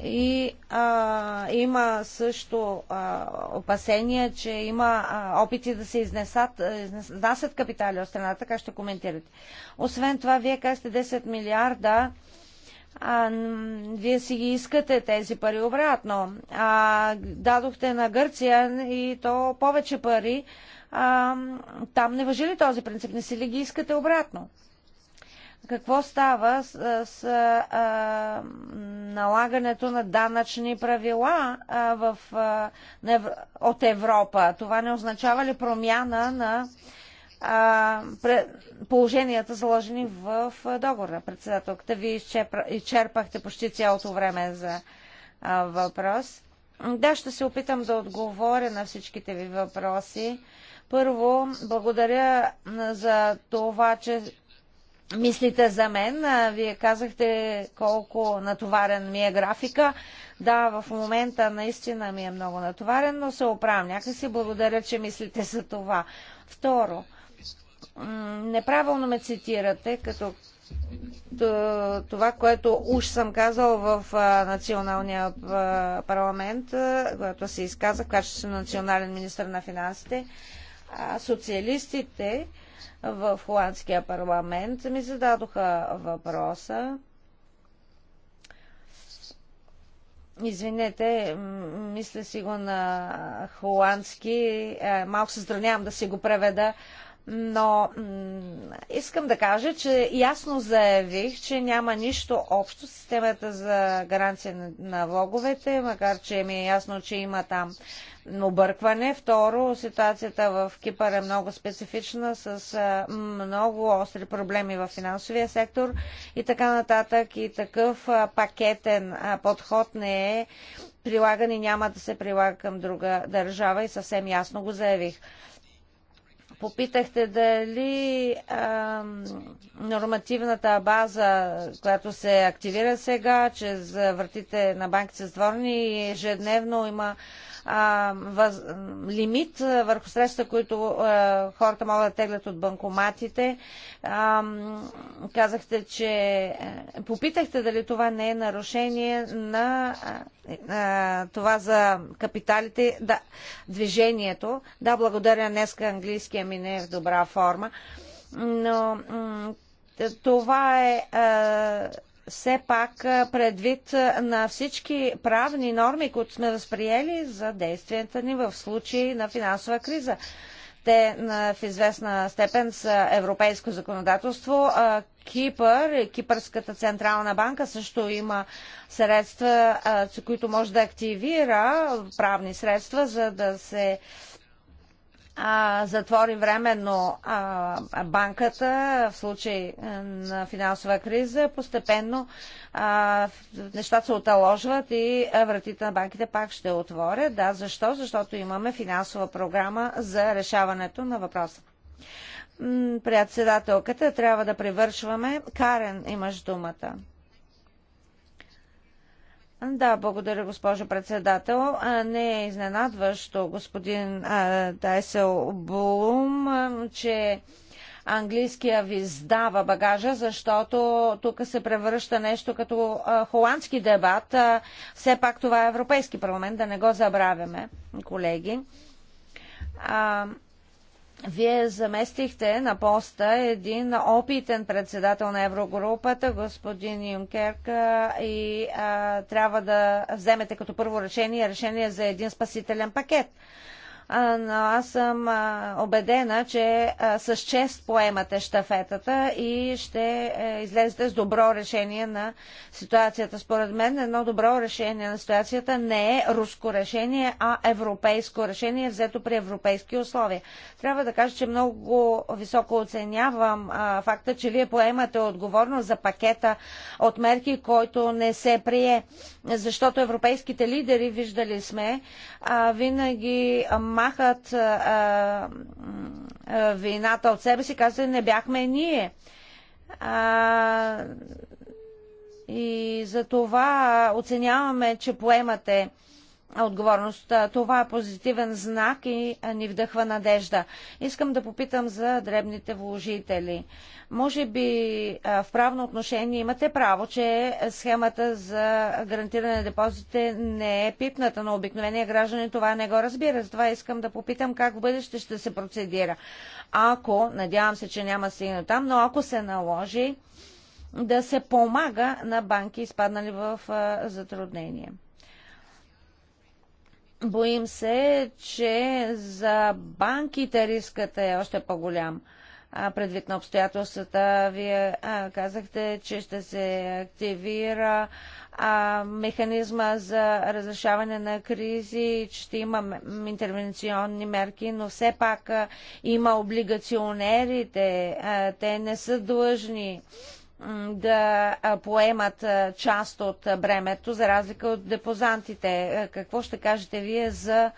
И а, има също а, опасения, че има а, опити да се изнесат, изнесат капитали от страната. така ще коментирате? Освен това, вие казвате 10 милиарда. А, вие си ги искате тези пари обратно. А, дадохте на Гърция и то повече пари. А, там не въжи ли този принцип? Не си ли ги искате обратно? какво става с, с а, налагането на данъчни правила а, в, а, от Европа. Това не означава ли промяна на а, положенията заложени в, в договора? Председателката, ви изчерпахте почти цялото време за а, въпрос. Да, ще се опитам да отговоря на всичките ви въпроси. Първо, благодаря за това, че мислите за мен. Вие казахте колко натоварен ми е графика. Да, в момента наистина ми е много натоварен, но се оправям. Някакси благодаря, че мислите за това. Второ, неправилно ме цитирате, като това, което уж съм казал в националния парламент, когато се изказа в качеството на национален министр на финансите, социалистите в холандския парламент, ми зададоха въпроса. Извинете, мисля си го на холандски. Е, малко се здравнявам да си го преведа. Но искам да кажа, че ясно заявих, че няма нищо общо с системата за гаранция на влоговете, макар че ми е ясно, че има там объркване. Второ, ситуацията в Кипър е много специфична, с много остри проблеми в финансовия сектор и така нататък. И такъв пакетен подход не е прилаган и няма да се прилага към друга държава и съвсем ясно го заявих. Попитахте дали а, нормативната база, която се активира сега, че вратите на банките са дворни, и ежедневно има а, въз, лимит върху средства, които а, хората могат да теглят от банкоматите. А, казахте, че попитахте дали това не е нарушение на а, това за капиталите, да, движението. Да, благодаря, днеска английския ми не е в добра форма. Но това е, е все пак предвид на всички правни норми, които сме възприели за действията ни в случай на финансова криза. Те в известна степен са европейско законодателство. Кипър, Кипърската централна банка също има средства, които може да активира правни средства, за да се а, затвори временно а, банката в случай на финансова криза, постепенно а, нещата се оталожват и вратите на банките пак ще отворят. Да, защо? Защото имаме финансова програма за решаването на въпроса. Председателката трябва да превършваме. Карен, имаш думата. Да, благодаря, госпожо председател. Не е изненадващо, господин Тайсел Блум, че английския ви сдава багажа, защото тук се превръща нещо като холандски дебат. все пак това е Европейски парламент, да не го забравяме, колеги. А, вие заместихте на поста един опитен председател на Еврогрупата, господин Юнкерк, и а, трябва да вземете като първо решение решение за един спасителен пакет но аз съм убедена, че с чест поемате щафетата и ще е, излезете с добро решение на ситуацията. Според мен едно добро решение на ситуацията не е руско решение, а европейско решение, взето при европейски условия. Трябва да кажа, че много високо оценявам факта, че вие поемате отговорност за пакета от мерки, който не се прие. Защото европейските лидери, виждали сме, винаги махат а, а, вината от себе си, казват, не бяхме ние. А, и за това оценяваме, че поемате отговорност. Това е позитивен знак и ни вдъхва надежда. Искам да попитам за дребните вложители. Може би в правно отношение имате право, че схемата за гарантиране на депозите не е пипната, но обикновения гражданин това не го разбира. Затова искам да попитам как в бъдеще ще се процедира. Ако, надявам се, че няма стигна там, но ако се наложи да се помага на банки, изпаднали в затруднение. Боим се, че за банките рискът е още по-голям. Предвид на обстоятелствата, вие а, казахте, че ще се активира а, механизма за разрешаване на кризи, че ще има интервенционни мерки, но все пак а, има облигационерите. А, те не са длъжни. А, да поемат част от бремето, за разлика от депозантите. Какво ще кажете вие за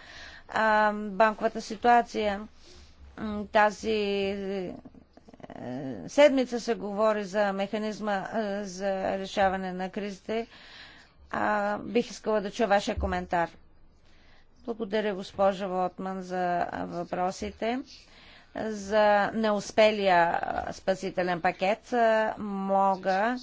банковата ситуация? Тази е, седмица се говори за механизма за решаване на кризите. Бих искала да чуя вашия коментар. Благодаря, госпожа Вотман, за въпросите за неуспелия спасителен пакет мога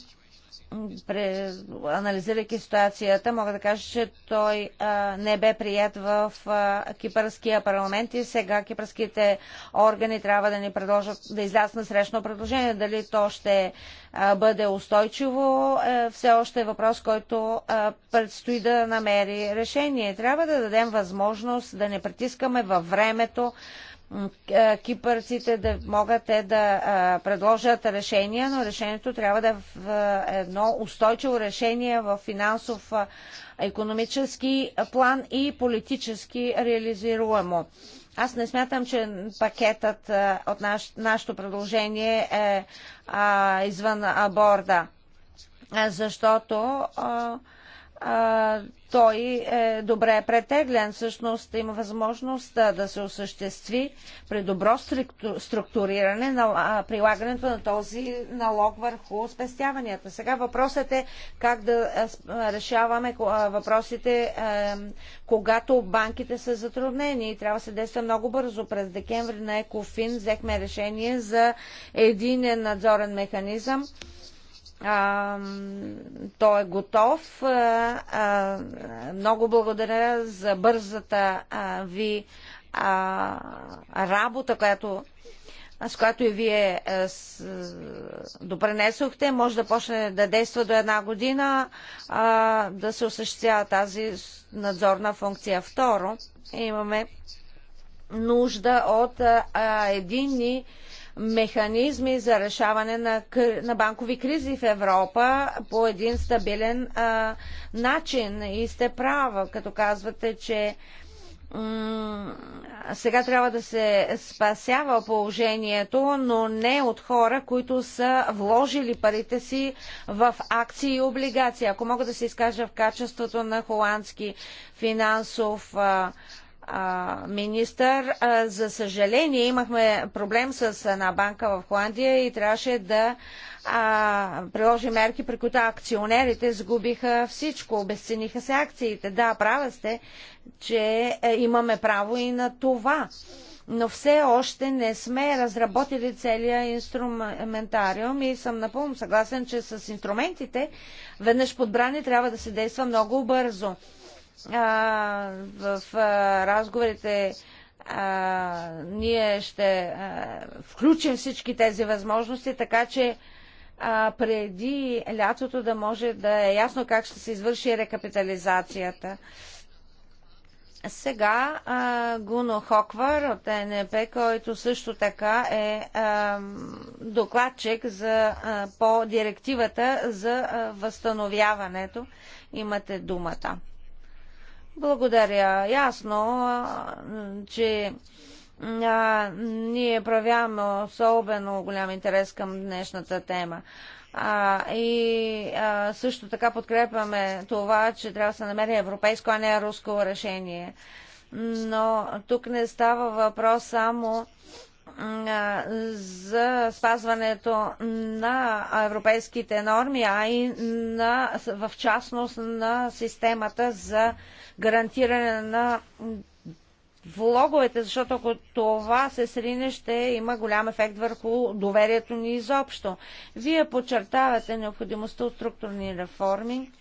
анализирайки ситуацията, мога да кажа, че той а, не бе прият в а, кипърския парламент и сега кипърските органи трябва да ни предложат да излязат на срещно предложение. Дали то ще а, бъде устойчиво, е, все още е въпрос, който а, предстои да намери решение. Трябва да дадем възможност да не притискаме във времето кипърците да могат те да предложат решение, но решението трябва да е в едно устойчиво решение в финансов, економически план и политически реализируемо. Аз не смятам, че пакетът от наш, нашето предложение е а, извън аборда. защото а, а, той е добре претеглен. Всъщност има възможност да се осъществи при добро структуриране на прилагането на този налог върху спестяванията. Сега въпросът е как да решаваме въпросите, когато банките са затруднени трябва да се действа много бързо. През декември на Екофин взехме решение за един надзорен механизъм а, той е готов. А, а, много благодаря за бързата а, ви а, работа, която с която и вие допренесохте, може да почне да действа до една година, а, да се осъществява тази надзорна функция. Второ, имаме нужда от а, единни механизми за решаване на, на банкови кризи в Европа по един стабилен а, начин. И сте права, като казвате, че сега трябва да се спасява положението, но не от хора, които са вложили парите си в акции и облигации. Ако мога да се изкажа в качеството на холандски финансов а, министър. За съжаление имахме проблем с една банка в Холандия и трябваше да а, приложи мерки, при които акционерите загубиха всичко, обесцениха се акциите. Да, права сте, че е, имаме право и на това. Но все още не сме разработили целия инструментариум и съм напълно съгласен, че с инструментите, веднъж подбрани, трябва да се действа много бързо в разговорите а, ние ще а, включим всички тези възможности, така че а, преди лятото да може да е ясно как ще се извърши рекапитализацията. Сега а, Гуно Хоквар от НП, който също така е а, докладчик за, а, по директивата за а, възстановяването. Имате думата. Благодаря. Ясно, че а, ние правяме особено голям интерес към днешната тема. А, и а, също така подкрепяме това, че трябва да се намери европейско, а не руско решение. Но тук не става въпрос само за спазването на европейските норми, а и на, в частност на системата за гарантиране на влоговете, защото ако това се срине, ще има голям ефект върху доверието ни изобщо. Вие подчертавате необходимостта от структурни реформи.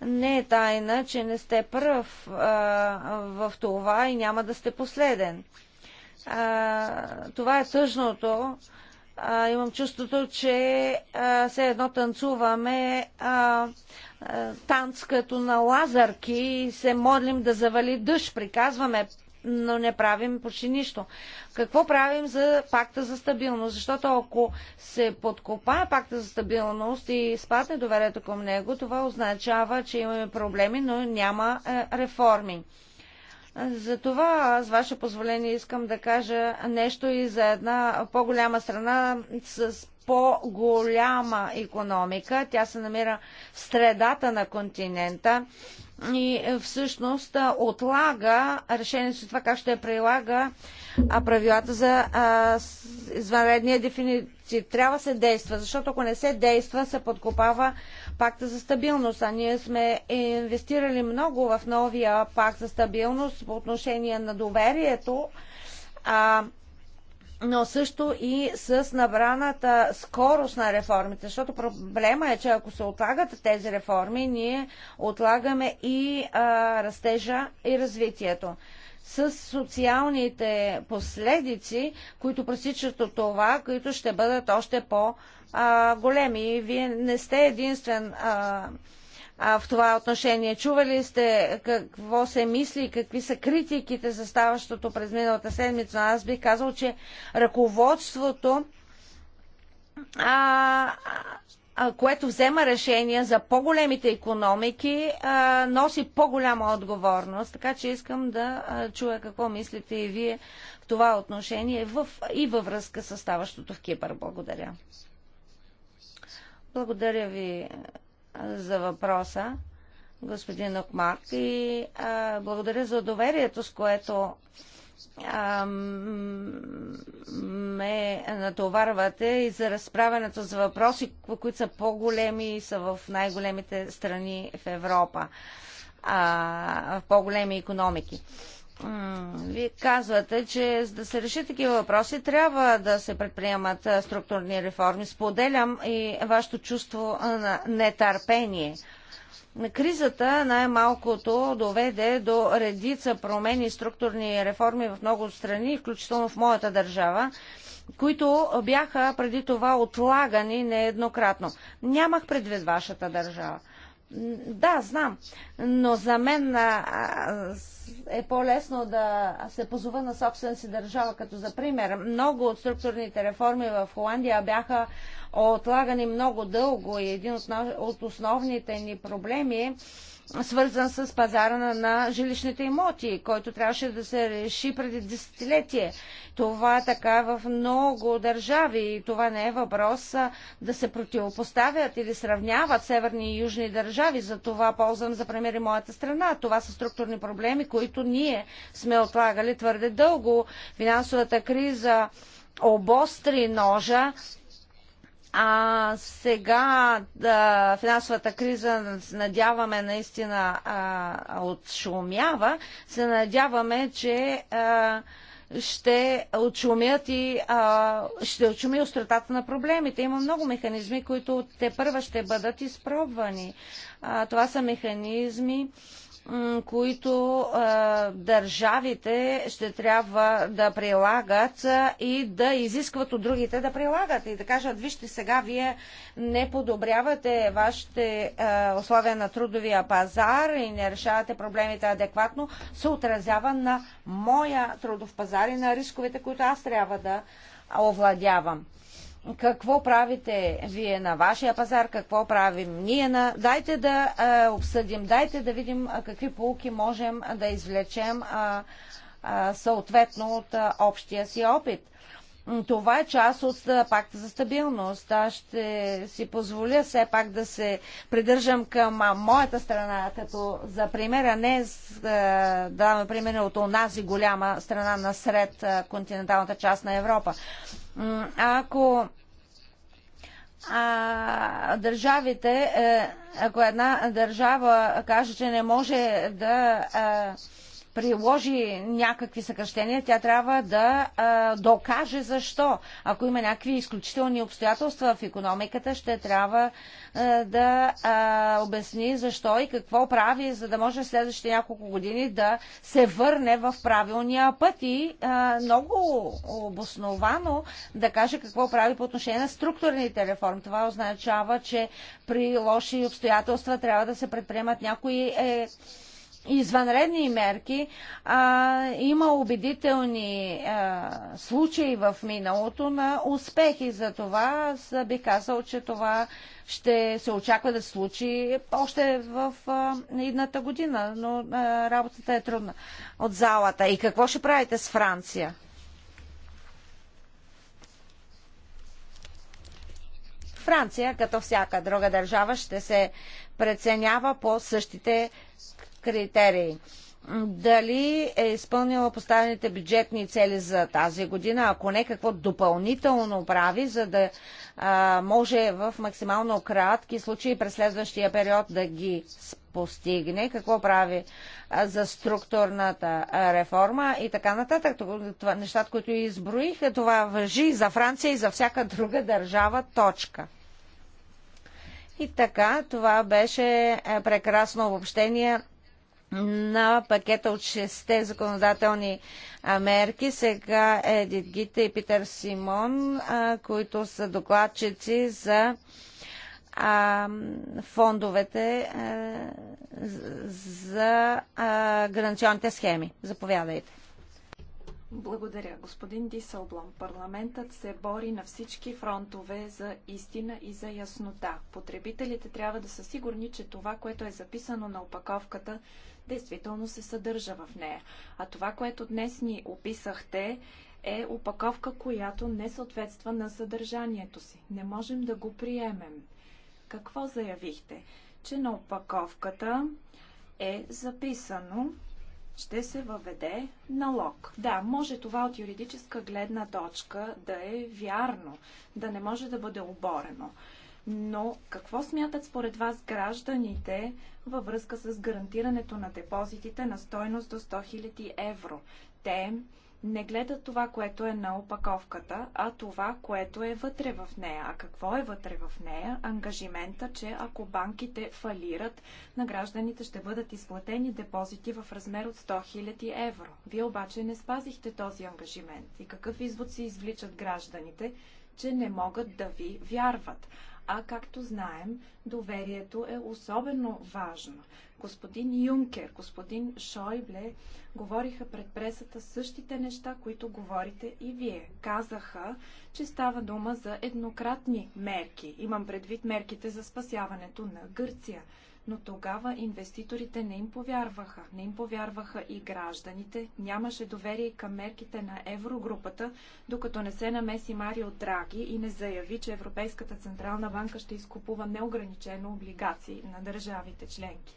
Не е тайна, че не сте пръв а, в това и няма да сте последен. А, това е тъжното. А, имам чувството, че а, все едно танцуваме а, а, танц като на лазарки и се молим да завали дъжд. Приказваме но не правим почти нищо. Какво правим за пакта за стабилност? Защото ако се подкопае пакта за стабилност и спадне доверието към него, това означава, че имаме проблеми, но няма а, е, реформи. Затова аз, ваше позволение, искам да кажа нещо и за една по-голяма страна с по-голяма економика. Тя се намира в средата на континента и е, всъщност отлага решението за това как ще прилага а правилата за извънредния дефиницит. Трябва се действа, защото ако не се действа, се подкопава пакта за стабилност. А ние сме инвестирали много в новия пакт за стабилност по отношение на доверието а, но също и с набраната скорост на реформите, защото проблема е, че ако се отлагат тези реформи, ние отлагаме и а, растежа и развитието. С социалните последици, които пресичат от това, които ще бъдат още по-големи. Вие не сте единствен. А, а, в това отношение. Чували сте какво се мисли и какви са критиките за ставащото през миналата седмица? Аз бих казал, че ръководството а, а, което взема решения за по-големите економики, а, носи по-голяма отговорност. Така че искам да а, чуя какво мислите и вие в това отношение в, и във връзка с ставащото в Кипър. Благодаря. Благодаря ви, за въпроса, господин Окмарк, и а, благодаря за доверието, с което а, ме натоварвате и за разправянето за въпроси, които са по-големи и са в най-големите страни в Европа, а, в по-големи економики. Вие казвате, че за да се реши такива въпроси, трябва да се предприемат структурни реформи. Споделям и вашето чувство на нетърпение. Кризата най-малкото доведе до редица промени и структурни реформи в много страни, включително в моята държава, които бяха преди това отлагани нееднократно. Нямах предвид вашата държава. Да, знам, но за мен е по-лесно да се позова на собствена си държава, като за пример. Много от структурните реформи в Холандия бяха отлагани много дълго и един от основните ни проблеми е, свързан с пазара на, на жилищните имоти, който трябваше да се реши преди десетилетие. Това е така в много държави и това не е въпрос да се противопоставят или сравняват северни и южни държави. За това ползвам за пример и моята страна. Това са структурни проблеми, които ние сме отлагали твърде дълго. Финансовата криза обостри ножа а сега да, финансовата криза, надяваме, наистина а, отшумява. Се надяваме, че а, ще отшумят и а, ще отшуми остротата на проблемите. Има много механизми, които те първа ще бъдат изпробвани. А, това са механизми, които а, държавите ще трябва да прилагат и да изискват от другите да прилагат и да кажат, вижте сега, вие не подобрявате вашите а, условия на трудовия пазар и не решавате проблемите адекватно, се отразява на моя трудов пазар и на рисковете, които аз трябва да овладявам какво правите вие на вашия пазар, какво правим ние на... Дайте да а, обсъдим, дайте да видим какви полуки можем да извлечем а, а, съответно от общия си опит. Това е част от пакта за стабилност. Аз ще си позволя все пак да се придържам към моята страна като за пример, а не да даваме пример от онази голяма страна насред континенталната част на Европа. Ако а, държавите, е, ако една държава каже, че не може да а, е, приложи някакви съкръщения, тя трябва да а, докаже защо. Ако има някакви изключителни обстоятелства в економиката, ще трябва а, да а, обясни защо и какво прави, за да може следващите няколко години да се върне в правилния път и а, много обосновано да каже какво прави по отношение на структурните реформи. Това означава, че при лоши обстоятелства трябва да се предприемат някои е, извънредни мерки. А, има убедителни а, случаи в миналото на успехи. За това Би бих казал, че това ще се очаква да се случи още в а, едната година, но а, работата е трудна от залата. И какво ще правите с Франция? Франция, като всяка друга държава, ще се преценява по същите критерии. Дали е изпълнила поставените бюджетни цели за тази година, ако не какво допълнително прави, за да а, може в максимално кратки случаи през следващия период да ги постигне, какво прави а, за структурната а, реформа и така нататък. Това, нещата, които изброих, това въжи за Франция и за всяка друга държава точка. И така, това беше прекрасно обобщение на пакета от шесте законодателни мерки. Сега Едит Гите и Питер Симон, които са докладчици за фондовете за гаранционните схеми. Заповядайте. Благодаря, господин Дисълблом. Парламентът се бори на всички фронтове за истина и за яснота. Потребителите трябва да са сигурни, че това, което е записано на опаковката, действително се съдържа в нея. А това, което днес ни описахте, е опаковка, която не съответства на съдържанието си. Не можем да го приемем. Какво заявихте? Че на опаковката е записано, ще се въведе налог. Да, може това от юридическа гледна точка да е вярно, да не може да бъде оборено. Но какво смятат според вас гражданите във връзка с гарантирането на депозитите на стойност до 100 000 евро? Те не гледат това, което е на опаковката, а това, което е вътре в нея. А какво е вътре в нея? Ангажимента, че ако банките фалират, на гражданите ще бъдат изплатени депозити в размер от 100 000 евро. Вие обаче не спазихте този ангажимент. И какъв извод си извличат гражданите? че не могат да ви вярват. А както знаем, доверието е особено важно. Господин Юнкер, господин Шойбле говориха пред пресата същите неща, които говорите и вие. Казаха, че става дума за еднократни мерки. Имам предвид мерките за спасяването на Гърция. Но тогава инвеститорите не им повярваха. Не им повярваха и гражданите. Нямаше доверие към мерките на еврогрупата, докато не се намеси Марио Драги и не заяви, че Европейската Централна банка ще изкупува неограничено облигации на държавите членки.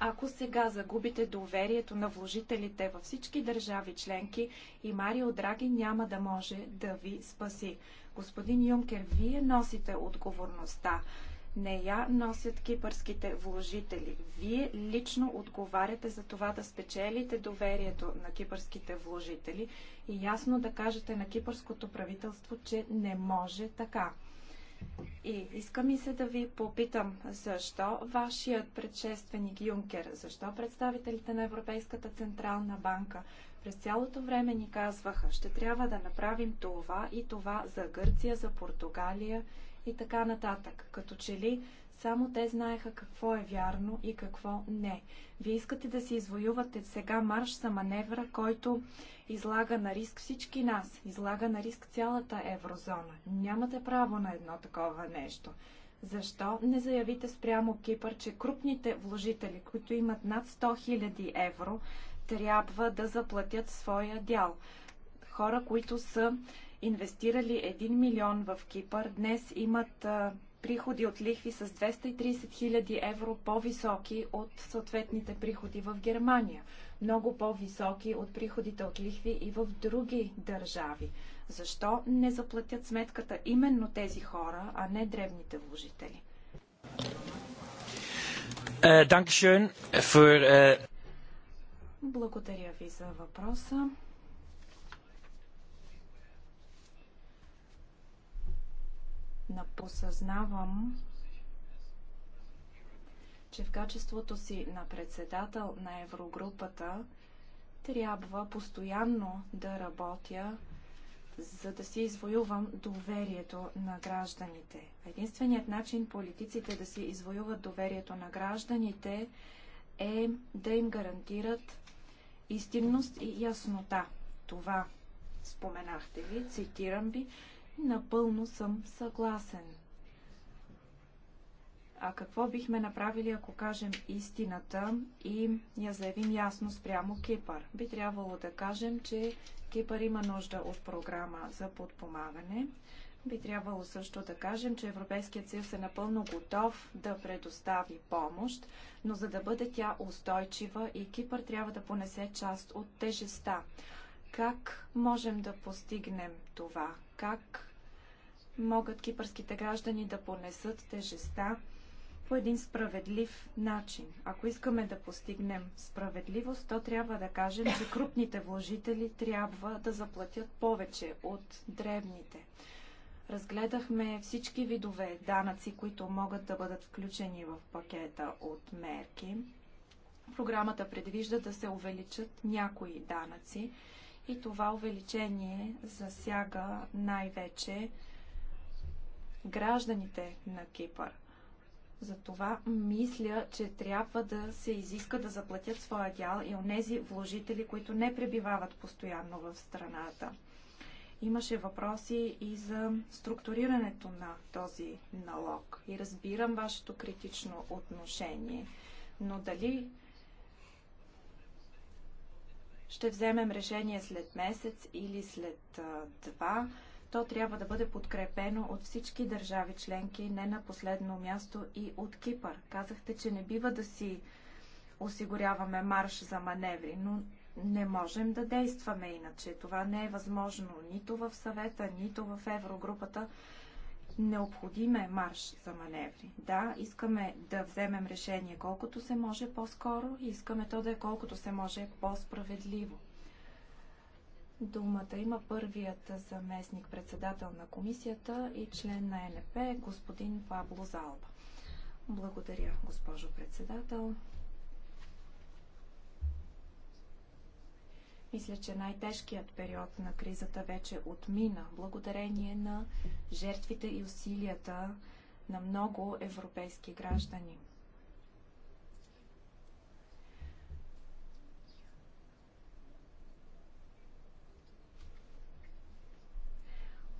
Ако сега загубите доверието на вложителите във всички държави членки, и Марио Драги няма да може да ви спаси. Господин Юнкер, вие носите отговорността. Не я носят кипърските вложители. Вие лично отговаряте за това да спечелите доверието на кипърските вложители и ясно да кажете на кипърското правителство, че не може така. И иска ми се да ви попитам, защо вашият предшественик Юнкер, защо представителите на Европейската централна банка през цялото време ни казваха, ще трябва да направим това и това за Гърция, за Португалия и така нататък. Като че ли само те знаеха какво е вярно и какво не. Вие искате да си извоювате сега марш за маневра, който излага на риск всички нас, излага на риск цялата еврозона. Нямате право на едно такова нещо. Защо не заявите спрямо Кипър, че крупните вложители, които имат над 100 000 евро, трябва да заплатят своя дял? Хора, които са инвестирали 1 милион в Кипър, днес имат приходи от лихви с 230 000 евро по-високи от съответните приходи в Германия. Много по-високи от приходите от лихви и в други държави. Защо не заплатят сметката именно тези хора, а не дребните вложители? Е, е. Благодаря ви за въпроса. Посъзнавам, че в качеството си на председател на Еврогрупата трябва постоянно да работя, за да си извоювам доверието на гражданите. Единственият начин политиците да си извоюват доверието на гражданите е да им гарантират истинност и яснота. Това споменахте ви, цитирам ви. Напълно съм съгласен. А какво бихме направили, ако кажем истината и я заявим ясно спрямо Кипър? Би трябвало да кажем, че Кипър има нужда от програма за подпомагане. Би трябвало също да кажем, че Европейският съюз е напълно готов да предостави помощ, но за да бъде тя устойчива и Кипър трябва да понесе част от тежеста. Как можем да постигнем това? как могат кипърските граждани да понесат тежеста по един справедлив начин. Ако искаме да постигнем справедливост, то трябва да кажем, че крупните вложители трябва да заплатят повече от древните. Разгледахме всички видове данъци, които могат да бъдат включени в пакета от мерки. Програмата предвижда да се увеличат някои данъци и това увеличение засяга най-вече гражданите на Кипър. Затова мисля, че трябва да се изиска да заплатят своя дял и онези вложители, които не пребивават постоянно в страната. Имаше въпроси и за структурирането на този налог. И разбирам вашето критично отношение, но дали ще вземем решение след месец или след два, то трябва да бъде подкрепено от всички държави членки, не на последно място и от Кипър. Казахте, че не бива да си осигуряваме марш за маневри, но не можем да действаме иначе. Това не е възможно нито в съвета, нито в еврогрупата. Необходим е марш за маневри. Да, искаме да вземем решение колкото се може по-скоро и искаме то да е колкото се може по-справедливо. Думата има първият заместник председател на комисията и член на НП, господин Пабло Залба. Благодаря, госпожо председател. Мисля, че най-тежкият период на кризата вече отмина, благодарение на жертвите и усилията на много европейски граждани.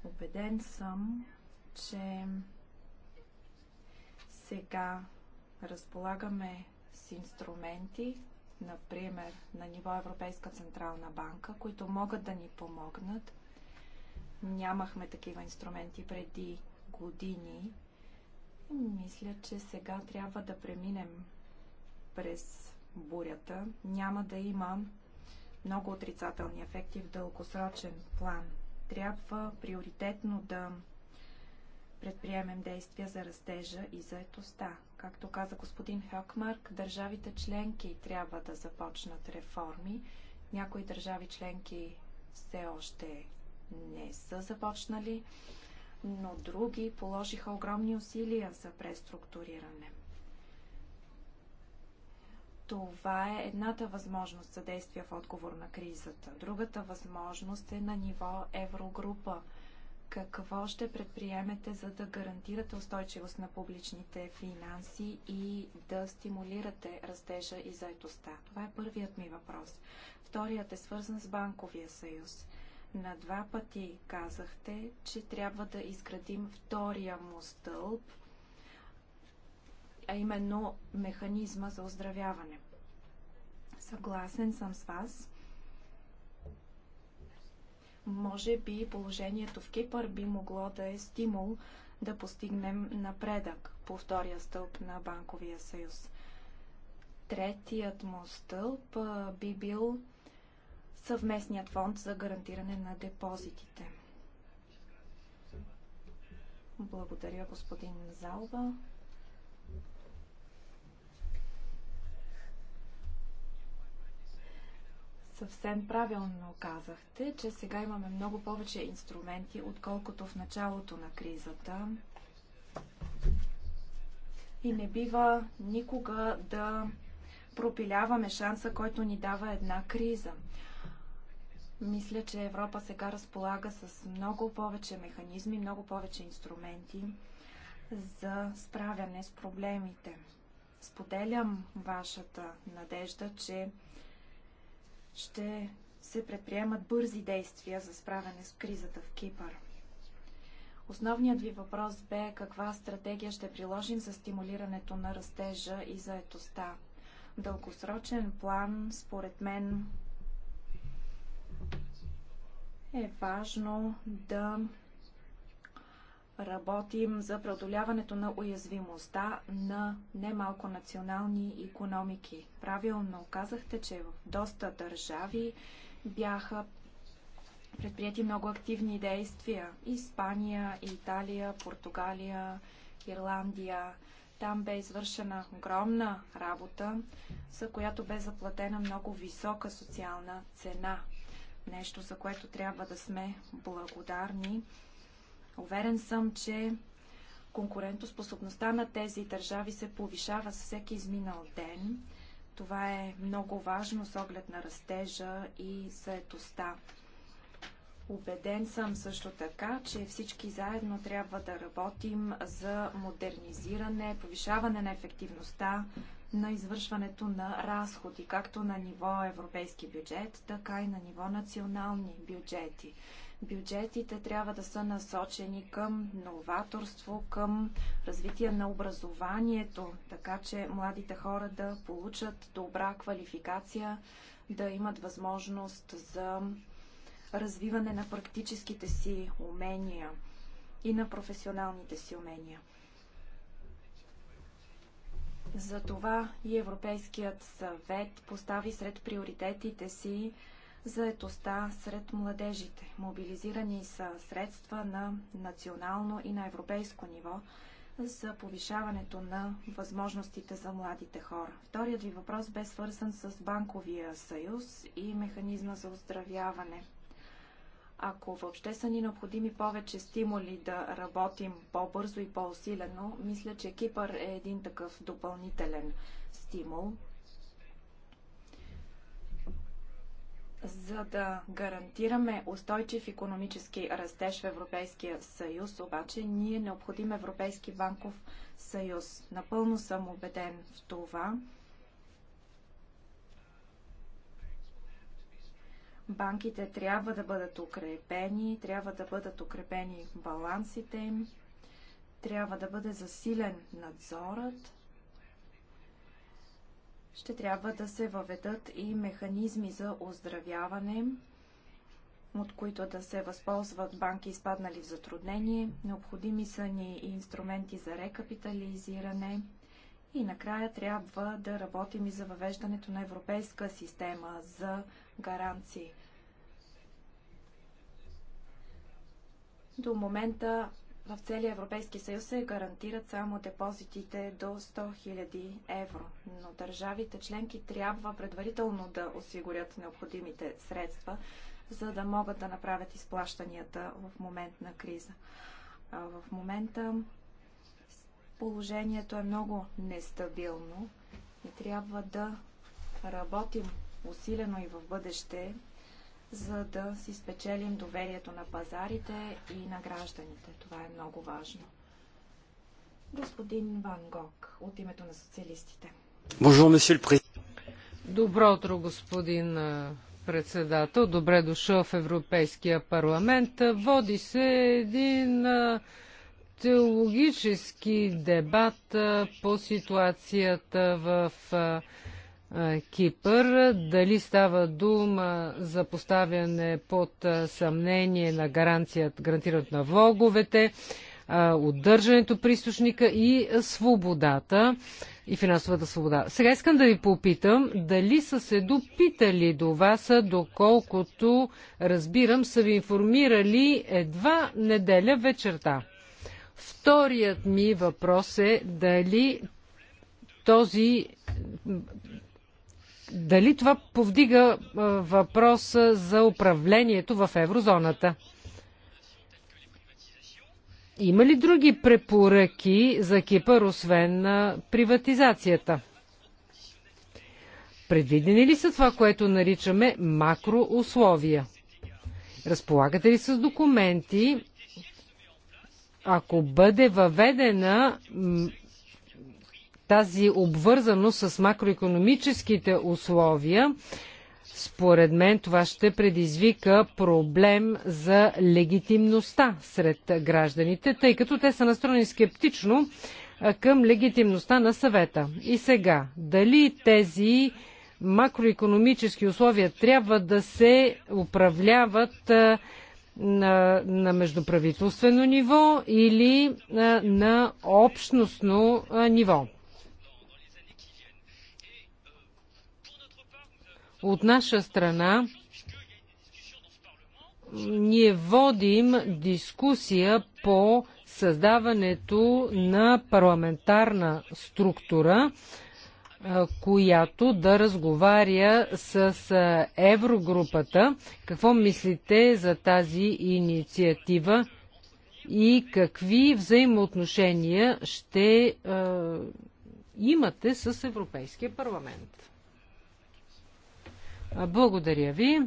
Обеден съм, че сега разполагаме с инструменти, например, на ниво Европейска централна банка, които могат да ни помогнат. Нямахме такива инструменти преди години. Мисля, че сега трябва да преминем през бурята. Няма да има много отрицателни ефекти в дългосрочен план. Трябва приоритетно да предприемем действия за растежа и заетостта. Както каза господин Хакмарк, държавите членки трябва да започнат реформи. Някои държави членки все още не са започнали, но други положиха огромни усилия за преструктуриране. Това е едната възможност за действия в отговор на кризата. Другата възможност е на ниво еврогрупа – какво ще предприемете, за да гарантирате устойчивост на публичните финанси и да стимулирате растежа и заетостта? Това е първият ми въпрос. Вторият е свързан с Банковия съюз. На два пъти казахте, че трябва да изградим втория му стълб, а именно механизма за оздравяване. Съгласен съм с вас. Може би положението в Кипър би могло да е стимул да постигнем напредък по втория стълб на Банковия съюз. Третият му стълб би бил съвместният фонд за гарантиране на депозитите. Благодаря, господин Залба. Съвсем правилно казахте, че сега имаме много повече инструменти, отколкото в началото на кризата. И не бива никога да пропиляваме шанса, който ни дава една криза. Мисля, че Европа сега разполага с много повече механизми, много повече инструменти за справяне с проблемите. Споделям вашата надежда, че ще се предприемат бързи действия за справяне с кризата в Кипър. Основният ви въпрос бе каква стратегия ще приложим за стимулирането на растежа и заетостта. дългосрочен план, според мен, е важно да работим за преодоляването на уязвимостта на немалко национални економики. Правилно казахте, че в доста държави бяха предприяти много активни действия. Испания, Италия, Португалия, Ирландия. Там бе извършена огромна работа, за която бе заплатена много висока социална цена. Нещо, за което трябва да сме благодарни Уверен съм, че конкурентоспособността на тези държави се повишава с всеки изминал ден. Това е много важно с оглед на растежа и съетостта. Убеден съм също така, че всички заедно трябва да работим за модернизиране, повишаване на ефективността на извършването на разходи, както на ниво европейски бюджет, така и на ниво национални бюджети. Бюджетите трябва да са насочени към новаторство, към развитие на образованието, така че младите хора да получат добра квалификация, да имат възможност за развиване на практическите си умения и на професионалните си умения. Затова и Европейският съвет постави сред приоритетите си заетостта сред младежите. Мобилизирани са средства на национално и на европейско ниво за повишаването на възможностите за младите хора. Вторият ви въпрос бе свързан с Банковия съюз и механизма за оздравяване. Ако въобще са ни необходими повече стимули да работим по-бързо и по-усилено, мисля, че Кипър е един такъв допълнителен стимул – За да гарантираме устойчив економически растеж в Европейския съюз, обаче ни е необходим Европейски банков съюз. Напълно съм убеден в това. Банките трябва да бъдат укрепени, трябва да бъдат укрепени балансите им, трябва да бъде засилен надзорът, ще трябва да се въведат и механизми за оздравяване, от които да се възползват банки, изпаднали в затруднение. Необходими са ни и инструменти за рекапитализиране. И накрая трябва да работим и за въвеждането на европейска система за гаранции. До момента в целия Европейски съюз се гарантират само депозитите до 100 000 евро, но държавите членки трябва предварително да осигурят необходимите средства, за да могат да направят изплащанията в момент на криза. А в момента положението е много нестабилно и трябва да работим усилено и в бъдеще за да си спечелим доверието на пазарите и на гражданите. Това е много важно. Господин Ван Гог, от името на социалистите. Добро утро, господин председател. Добре дошъл в Европейския парламент. Води се един теологически дебат по ситуацията в Кипър. Дали става дума за поставяне под съмнение на гаранцият, гарантирането на влоговете, удържането при източника и свободата и финансовата свобода. Сега искам да ви попитам дали са се допитали до вас, доколкото разбирам, са ви информирали едва неделя вечерта. Вторият ми въпрос е дали този дали това повдига въпроса за управлението в еврозоната? Има ли други препоръки за Кипър, освен на приватизацията? Предвидени ли са това, което наричаме макроусловия? Разполагате ли с документи, ако бъде въведена тази обвързаност с макроекономическите условия, според мен това ще предизвика проблем за легитимността сред гражданите, тъй като те са настроени скептично към легитимността на съвета. И сега, дали тези макроекономически условия трябва да се управляват на, на междуправителствено ниво или на, на общностно ниво? От наша страна ние водим дискусия по създаването на парламентарна структура, която да разговаря с Еврогрупата. Какво мислите за тази инициатива и какви взаимоотношения ще имате с Европейския парламент? Благодаря ви.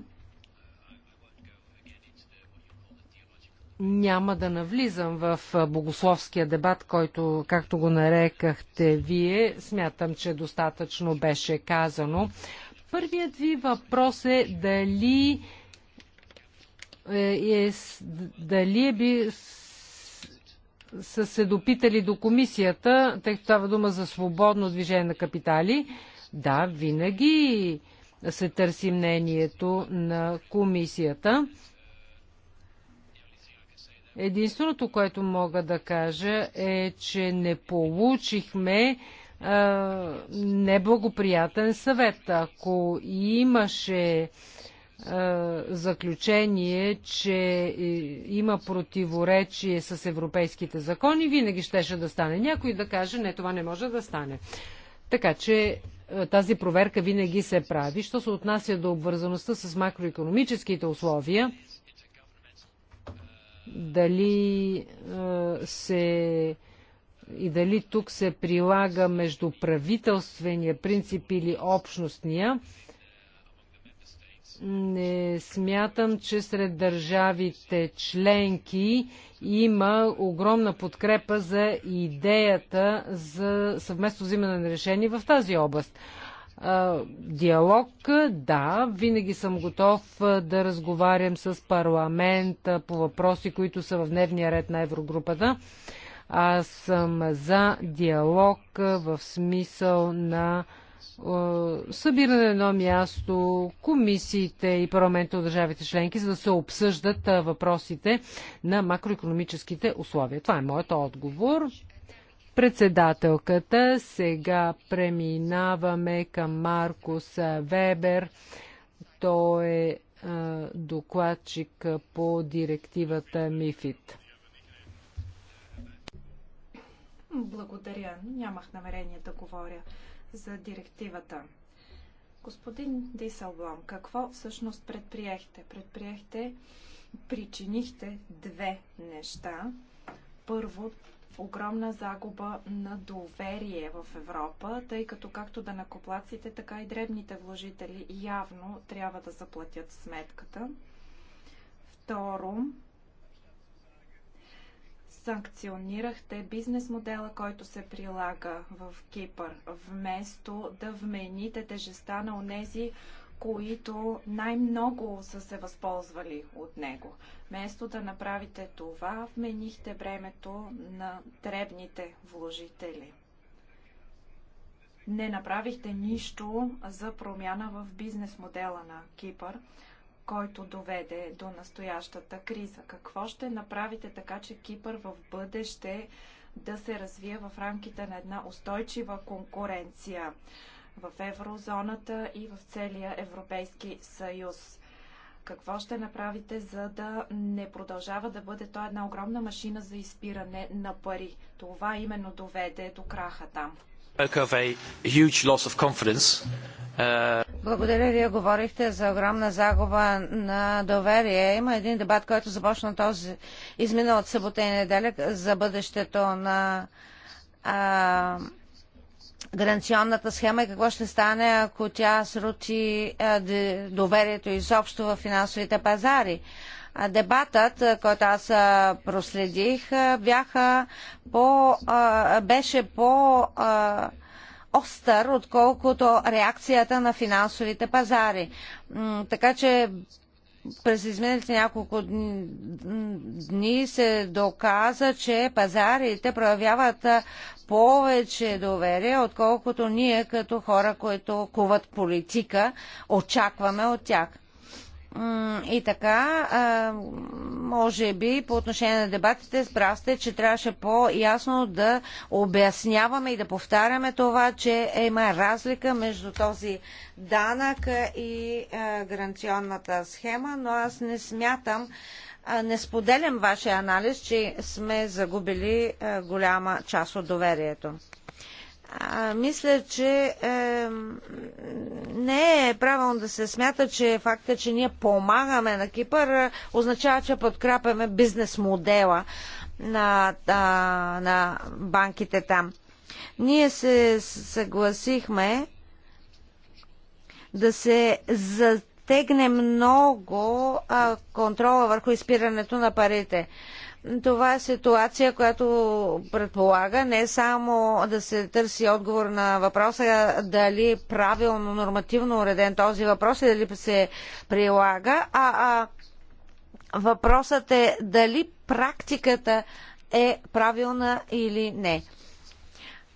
Няма да навлизам в богословския дебат, който, както го нарекахте вие, смятам, че достатъчно беше казано. Първият ви въпрос е дали е, е дали е би са се допитали до комисията, тъй като това дума за свободно движение на капитали. Да, винаги се търси мнението на комисията. Единственото, което мога да кажа е, че не получихме а, неблагоприятен съвет. Ако имаше а, заключение, че е, има противоречие с европейските закони, винаги щеше да стане някой да каже, не, това не може да стане. Така че е, тази проверка винаги се прави. Що се отнася до обвързаността с макроекономическите условия, дали е, се и дали тук се прилага между правителствения принцип или общностния, не смятам, че сред държавите членки има огромна подкрепа за идеята за съвместно взимане на решение в тази област. Диалог, да, винаги съм готов да разговарям с парламента по въпроси, които са в дневния ред на Еврогрупата. Аз съм за диалог в смисъл на е, събиране на едно място, комисиите и парламента от държавите членки, за да се обсъждат е, въпросите на макроекономическите условия. Това е моят отговор. Председателката, сега преминаваме към Маркус Вебер. Той е, е докладчик по директивата МИФИТ. Благодаря. Нямах намерение да говоря за директивата. Господин Дисълблом, какво всъщност предприехте? Предприехте, причинихте две неща. Първо, огромна загуба на доверие в Европа, тъй като както да накоплаците, така и дребните вложители явно трябва да заплатят сметката. Второ, санкционирахте бизнес модела, който се прилага в Кипър, вместо да вмените тежеста на онези, които най-много са се възползвали от него. Вместо да направите това, вменихте бремето на дребните вложители. Не направихте нищо за промяна в бизнес модела на Кипър, който доведе до настоящата криза? Какво ще направите така, че Кипър в бъдеще да се развие в рамките на една устойчива конкуренция в еврозоната и в целия Европейски съюз? Какво ще направите, за да не продължава да бъде той една огромна машина за изпиране на пари? Това именно доведе до краха там. Uh, Благодаря. Вие говорихте за огромна загуба на доверие. Има един дебат, който започна този изминал от събота и неделя за бъдещето на а, гаранционната схема и какво ще стане, ако тя срути а, доверието изобщо в финансовите пазари дебатът, който аз проследих, бяха по, беше по остър, отколкото реакцията на финансовите пазари. Така че през изминалите няколко дни се доказа, че пазарите проявяват повече доверие, отколкото ние като хора, които куват политика, очакваме от тях. И така, може би по отношение на дебатите, прав че трябваше по-ясно да обясняваме и да повтаряме това, че има разлика между този данък и гаранционната схема, но аз не смятам, не споделям вашия анализ, че сме загубили голяма част от доверието. А, мисля, че е, не е правилно да се смята, че факта, че ние помагаме на Кипър, е, означава, че подкрепяме бизнес модела на, на, на банките там. Ние се съгласихме да се затегне много а, контрола върху изпирането на парите. А, това е ситуация, която предполага не само да се търси отговор на въпроса дали правилно нормативно уреден този въпрос и дали се прилага, а, а въпросът е дали практиката е правилна или не.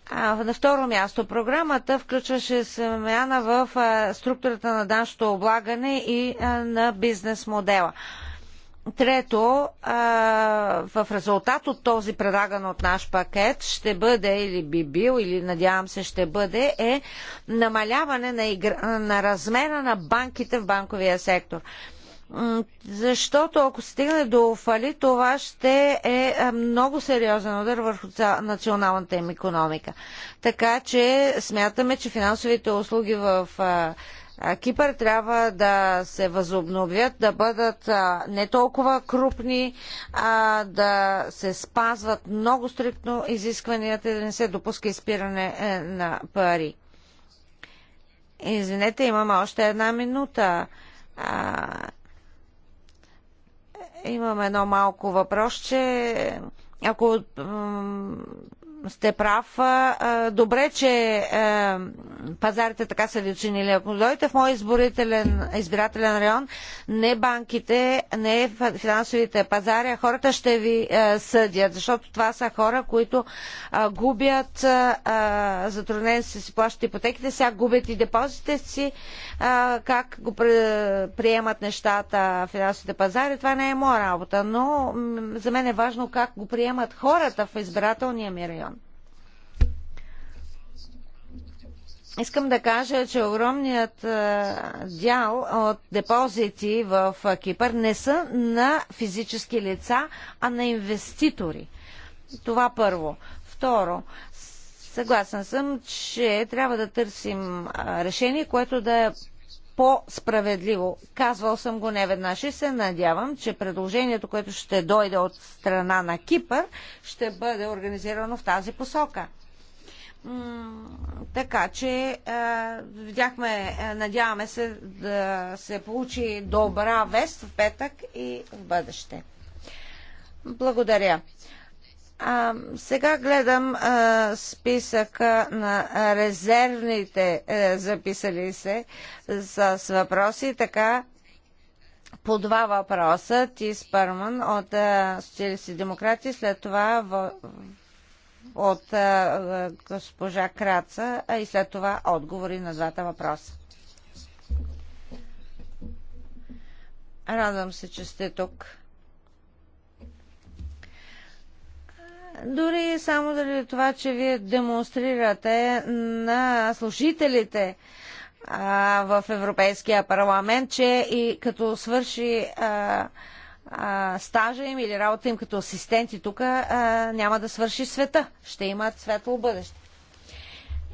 А, на второ място, програмата включваше смяна в а, структурата на данщото облагане и а, на бизнес модела. А, Трето, в резултат от този предлаган от наш пакет ще бъде или би бил, или надявам се ще бъде, е намаляване на, игра, на размера на банките в банковия сектор. Защото ако стигне до фали, това ще е, е много сериозен удар върху националната им економика. Така че смятаме, че финансовите услуги в Кипър трябва да се възобновят, да бъдат не толкова крупни, а да се спазват много стриктно изискванията и да не се допуска изпиране е, на пари. Извинете, имаме още една минута. имам едно малко въпрос, че Ако сте прав. Добре, че пазарите така са ви оценили. Ако дойдете в мой избирателен район, не банките, не финансовите пазари, а хората ще ви съдят, защото това са хора, които губят затруднени си си плащат ипотеките, сега губят и депозите си, как го приемат нещата финансовите пазари. Това не е моя работа, но за мен е важно как го приемат хората в избирателния ми район. Искам да кажа, че огромният дял от депозити в Кипър не са на физически лица, а на инвеститори. Това първо. Второ, съгласен съм, че трябва да търсим решение, което да е по-справедливо. Казвал съм го веднъж и се надявам, че предложението, което ще дойде от страна на Кипър, ще бъде организирано в тази посока така че е, видяхме, е, надяваме се да се получи добра вест в петък и в бъдеще. Благодаря. А, сега гледам а, е, списъка на резервните а, записали се с, с въпроси, така по два въпроса. Ти Спърман от Социалисти демократи, след това в, от госпожа Краца и след това отговори на двата въпроса. Радвам се, че сте тук. Дори само заради това, че вие демонстрирате на служителите а, в Европейския парламент, че и като свърши а, стажа им или работа им като асистенти тук а, няма да свърши света. Ще имат светло бъдеще.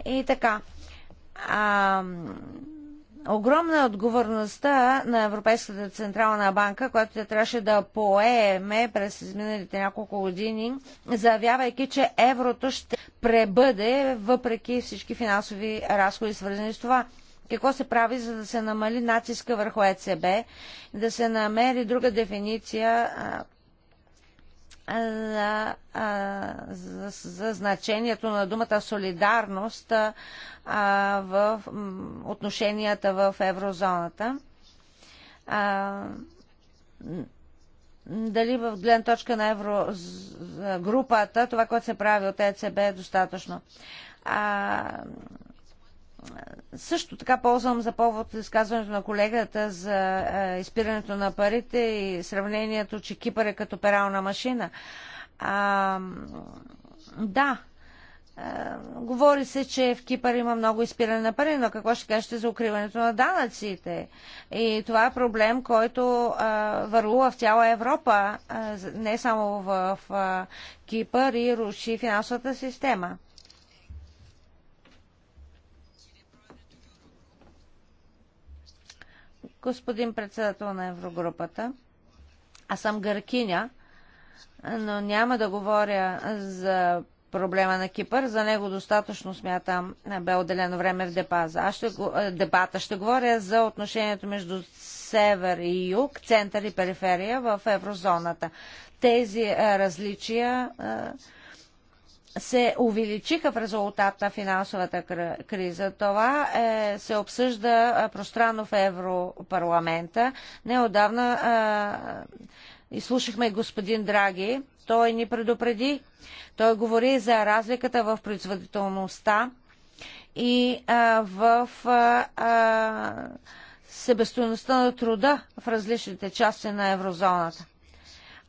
И така. А, огромна е отговорността на Европейската централна банка, която те трябваше да поеме през изминалите няколко години, заявявайки, че еврото ще пребъде въпреки всички финансови разходи, свързани с това какво се прави, за да се намали натиска върху ЕЦБ, да се намери друга дефиниция за, за, за значението на думата солидарност в отношенията в еврозоната. А, дали в гледна точка на еврогрупата това, което се прави от ЕЦБ е достатъчно. А, също така ползвам за повод изказването на колегата за е, изпирането на парите и сравнението, че Кипър е като перална машина. А, да, а, е, говори се, че в Кипър има много изпиране на пари, но какво ще кажете за укриването на данъците? И това е проблем, който а, е, върлува в цяла Европа, а, не само в а, Кипър и руши финансовата система. господин председател на Еврогрупата. Аз съм гъркиня, но няма да говоря за проблема на Кипър. За него достатъчно, смятам, е, бе отделено време в депаза. Аз ще, е, дебата ще говоря за отношението между север и юг, център и периферия в еврозоната. Тези е, различия се увеличиха в резултат на финансовата криза. Това е, се обсъжда пространно в Европарламента. Неодавна е, изслушахме господин Драги. Той ни предупреди. Той говори за разликата в производителността и е, в е, е, себестоеността на труда в различните части на еврозоната.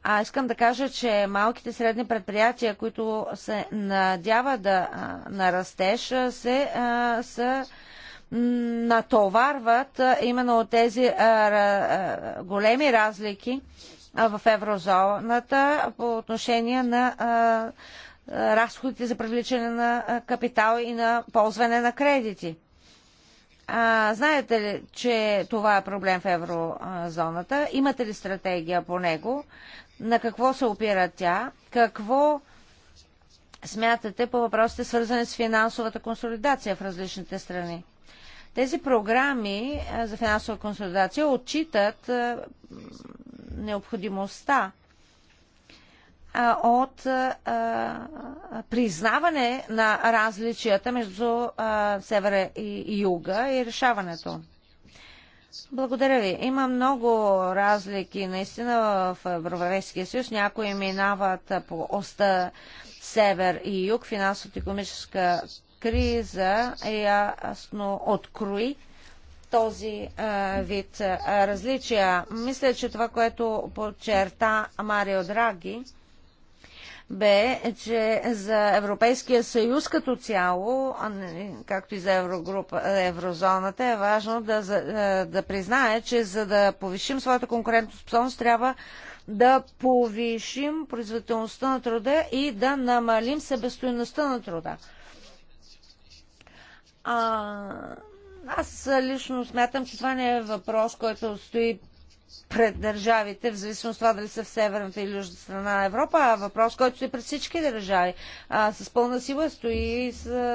А искам да кажа, че малките средни предприятия, които се надява да на растеж, се, а, са натоварват именно от тези а, а, големи разлики в еврозоната по отношение на а, разходите за привличане на капитал и на ползване на кредити. А, знаете ли, че това е проблем в еврозоната? Имате ли стратегия по него? на какво се опира тя, какво смятате по въпросите свързани с финансовата консолидация в различните страни. Тези програми за финансова консолидация отчитат необходимостта от признаване на различията между севера и юга и решаването благодаря ви. Има много разлики наистина в Европейския съюз. Някои минават по оста север и юг. Финансово-економическа криза е ясно открои този а, вид а, различия. Мисля, че това, което подчерта Марио Драги, бе, че за Европейския съюз като цяло, както и за еврогрупа, еврозоната, е важно да, е, да признае, че за да повишим своята конкурентоспособност, трябва да повишим производителността на труда и да намалим себестоиността на труда. А, аз лично смятам, че това не е въпрос, който стои пред държавите, в зависимост от това дали са в северната или южната страна на Европа, а въпрос, който стои пред всички държави. А, с пълна сила стои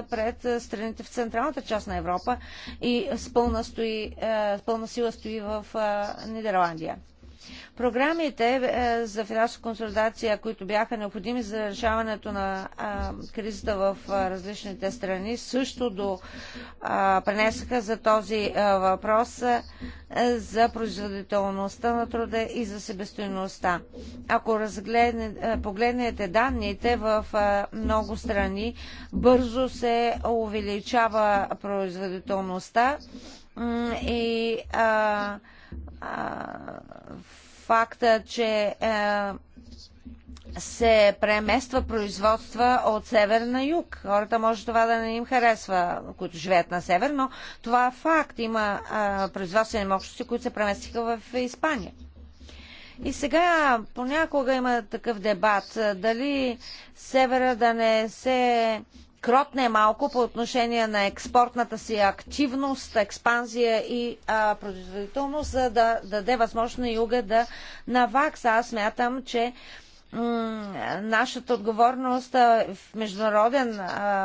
пред страните в централната част на Европа и с пълна, стои, е, с пълна сила стои в е, Нидерландия. Програмите е, за финансова консолидация, които бяха необходими за решаването на кризата в различните страни, също до, пренесаха за този въпрос е, за производителността на труда и за себестоиността. Ако е, погледнете данните в много страни, бързо се увеличава производителността и а, факта, че е, се премества производства от север на юг. Хората може това да не им харесва, които живеят на север, но това е факт. Има а, е, производствени мощности, които се преместиха в Испания. И сега понякога има такъв дебат е, дали севера да не се кротне малко по отношение на експортната си активност, експанзия и а, производителност, за да даде възможност на юга да навакса. Аз мятам, че нашата отговорност в международен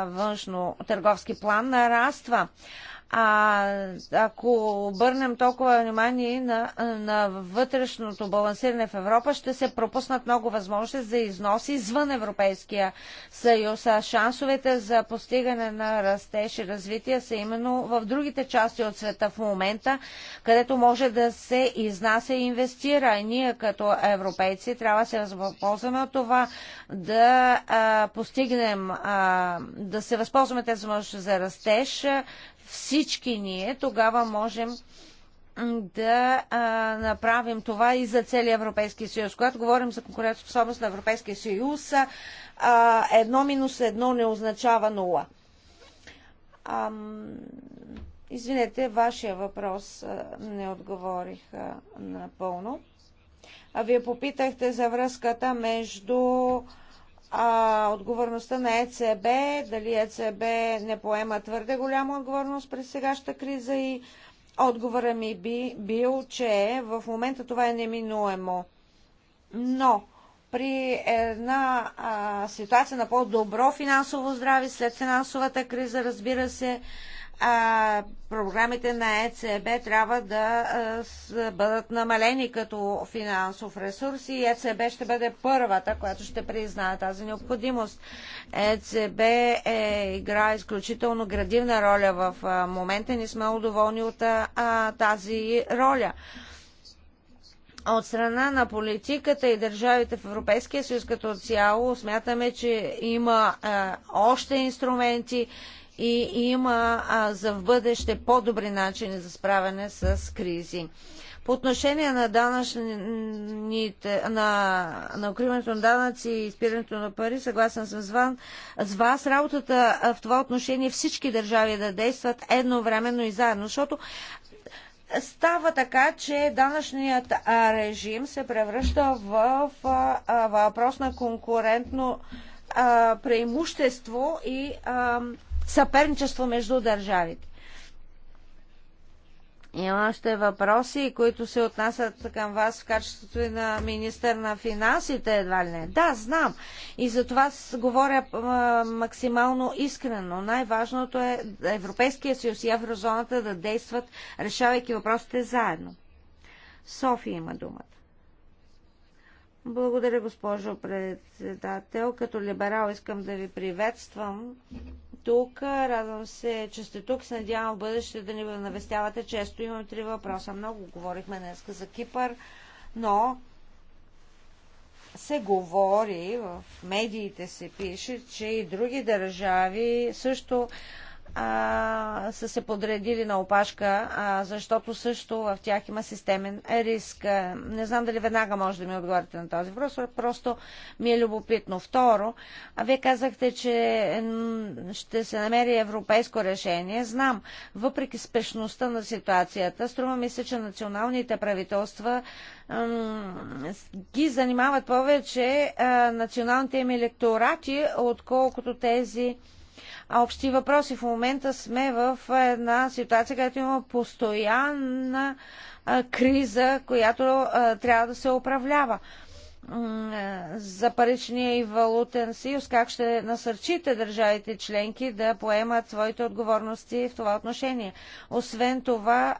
външно-търговски план нараства. А, ако обърнем толкова внимание на, на вътрешното балансиране в Европа, ще се пропуснат много възможности за износ извън Европейския съюз. А шансовете за постигане на растеж и развитие са именно в другите части от света в момента, където може да се изнася и инвестира. И ние като европейци трябва да се възползваме от това да а, постигнем, а, да се възползваме тези възможности за растеж, всички ние, тогава можем да а, направим това и за целия Европейски съюз. Когато говорим за конкурентоспособност на Европейския съюз, а, едно минус едно не означава нула. А, извинете, вашия въпрос а, не отговорих а, напълно. А вие попитахте за връзката между а, а, отговорността на ЕЦБ, дали ЕЦБ не поема твърде голяма отговорност през сегащата криза и отговора ми би бил, че в момента това е неминуемо. Но при една а, ситуация на по-добро финансово здраве след финансовата криза, разбира се, а, програмите на ЕЦБ трябва да а, бъдат намалени като финансов ресурс и ЕЦБ ще бъде първата, която ще признае тази необходимост. ЕЦБ е, игра изключително градивна роля в а, момента. ние сме удоволни от а, тази роля. От страна на политиката и държавите в Европейския съюз като цяло смятаме, че има а, още инструменти, и има а, за в бъдеще по-добри начини за справяне с кризи. По отношение на данъчните, на, на укриването на данъци и изпирането на пари, съгласен съм с вас, с вас, работата в това отношение всички държави да действат едновременно и заедно, защото става така, че данъчният режим се превръща в въпрос на конкурентно преимущество и съперничество между държавите. Има още въпроси, които се отнасят към вас в качеството и на министър на финансите, едва ли не. Да, знам. И за това говоря максимално искрено. Най-важното е Европейския съюз и еврозоната да действат, решавайки въпросите заедно. София има думата. Благодаря, госпожо председател. Като либерал искам да ви приветствам тук. Радвам се, че сте тук. Се надявам в бъдеще да ни навестявате често. Имам три въпроса. Много говорихме днес за Кипър, но се говори, в медиите се пише, че и други държави също а, са се подредили на опашка, а, защото също в тях има системен риск. А, не знам дали веднага може да ми отговорите на този въпрос, просто ми е любопитно. Второ, а вие казахте, че ще се намери европейско решение. Знам, въпреки спешността на ситуацията, струва ми се, че националните правителства ги занимават повече националните им електорати, отколкото тези общи въпроси. В момента сме в една ситуация, където има постоянна криза, която трябва да се управлява за паричния и валутен съюз, как ще насърчите държавите членки да поемат своите отговорности в това отношение. Освен това,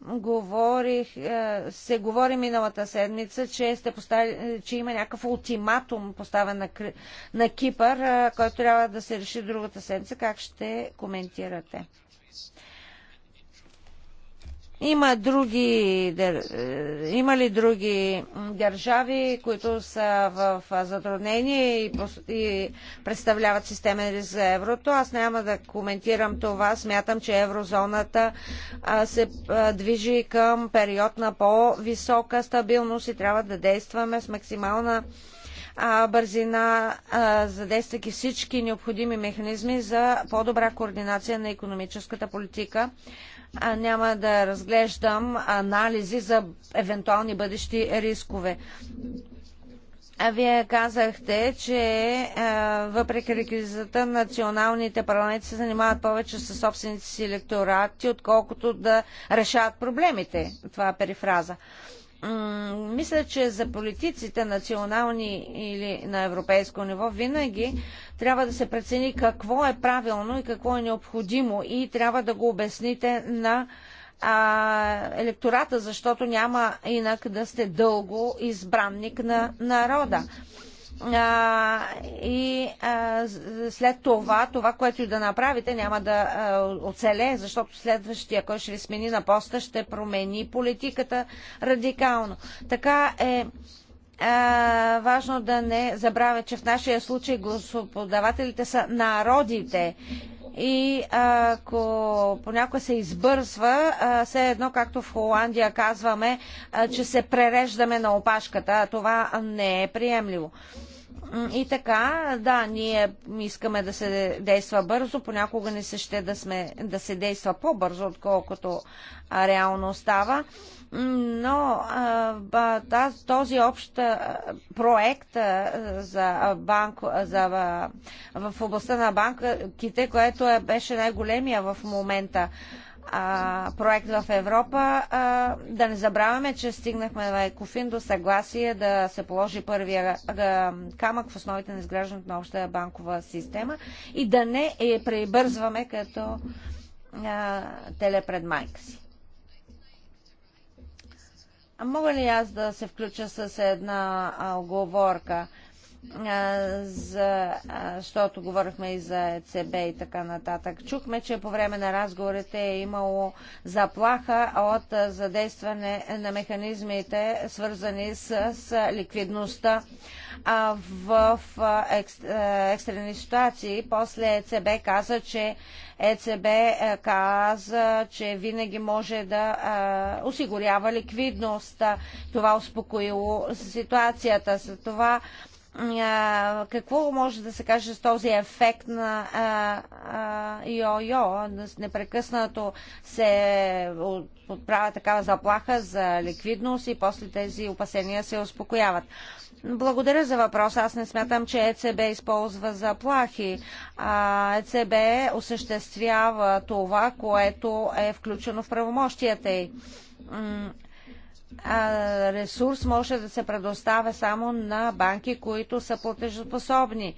Говорих, е, се говори миналата седмица, че, сте поставили, че има някакъв ултиматум поставен на, на Кипър, е, който трябва да се реши другата седмица. Как ще коментирате? Има, други, е, има ли други държави, които са в затруднение и, представляват системен риск за еврото? Аз няма да коментирам това. Смятам, че еврозоната се движи към период на по-висока стабилност и трябва да действаме с максимална бързина, задействайки всички необходими механизми за по-добра координация на економическата политика а няма да разглеждам анализи за евентуални бъдещи рискове. А вие казахте, че въпреки кризата националните парламенти се занимават повече с собствените си електорати, отколкото да решават проблемите. Това е перифраза. А, мисля, че за политиците национални или на европейско ниво винаги трябва да се прецени какво е правилно и какво е необходимо и трябва да го обясните на а, електората, защото няма инак да сте дълго избранник на народа а, и а, след това, това, което и да направите, няма да а, оцеле, защото следващия, който ще ви смени на поста, ще промени политиката радикално. Така е а, важно да не забравя, че в нашия случай господавателите са народите и ако понякога се избързва, все едно, както в Холандия казваме, че се пререждаме на опашката, а това не е приемливо. И така, да, ние искаме да се действа бързо, понякога не се ще да, сме, да се действа по-бързо, отколкото реално става но този общ проект за банк, за, в областта на банките, което е, беше най-големия в момента а, проект в Европа. А, да не забравяме, че стигнахме на Екофин до съгласие да се положи първия а, камък в основите на изграждането на общата банкова система и да не е прибързваме като а, майка си. А мога ли аз да се включа с една оговорка? за, защото говорихме и за ЕЦБ и така нататък. Чухме, че по време на разговорите е имало заплаха от задействане на механизмите, свързани с, с ликвидността в екстрени ситуации. После ЕЦБ каза, че ЕЦБ е, каза, че винаги може да е, осигурява ликвидност. Това успокоило ситуацията. За това е, какво може да се каже с този ефект на йо-йо? Непрекъснато се отправя такава заплаха за ликвидност и после тези опасения се успокояват. Благодаря за въпрос. Аз не смятам, че ЕЦБ използва заплахи. А ЕЦБ осъществява това, което е включено в правомощията й ресурс може да се предоставя само на банки, които са платежоспособни.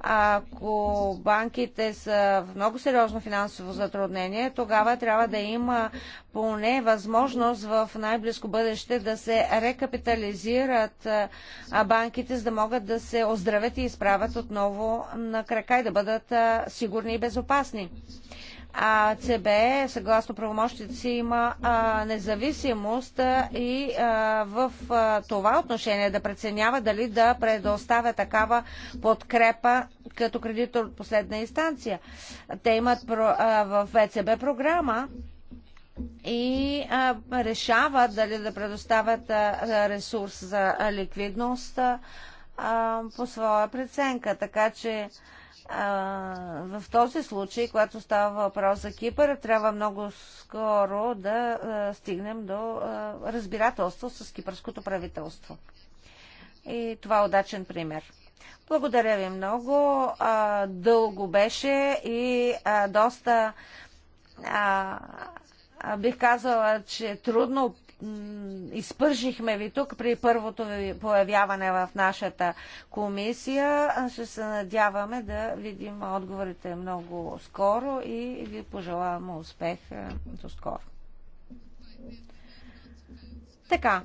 Ако банките са в много сериозно финансово затруднение, тогава трябва да има поне възможност в най-близко бъдеще да се рекапитализират банките, за да могат да се оздравят и изправят отново на крака и да бъдат сигурни и безопасни а, ЦБ, съгласно правомощите си, има а, независимост а, и а, в а, това отношение да преценява дали да предоставя такава подкрепа като кредитор от последна инстанция. Те имат про, а, в ЕЦБ програма и а, решават дали да предоставят а, ресурс за ликвидност а, по своя преценка. Така че а, в този случай, когато става въпрос за Кипър, трябва много скоро да стигнем до разбирателство с кипърското правителство. И това е удачен пример. Благодаря ви много. дълго беше и доста, бих казала, че трудно изпържихме ви тук при първото ви появяване в нашата комисия. Ще се надяваме да видим отговорите много скоро и ви пожелавам успех до скоро. Така,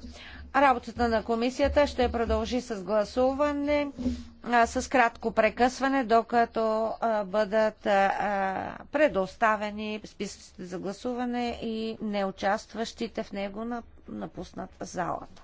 Работата на комисията ще продължи с гласуване, а, с кратко прекъсване, докато а, бъдат а, предоставени списъците за гласуване и неучастващите в него напуснат залата.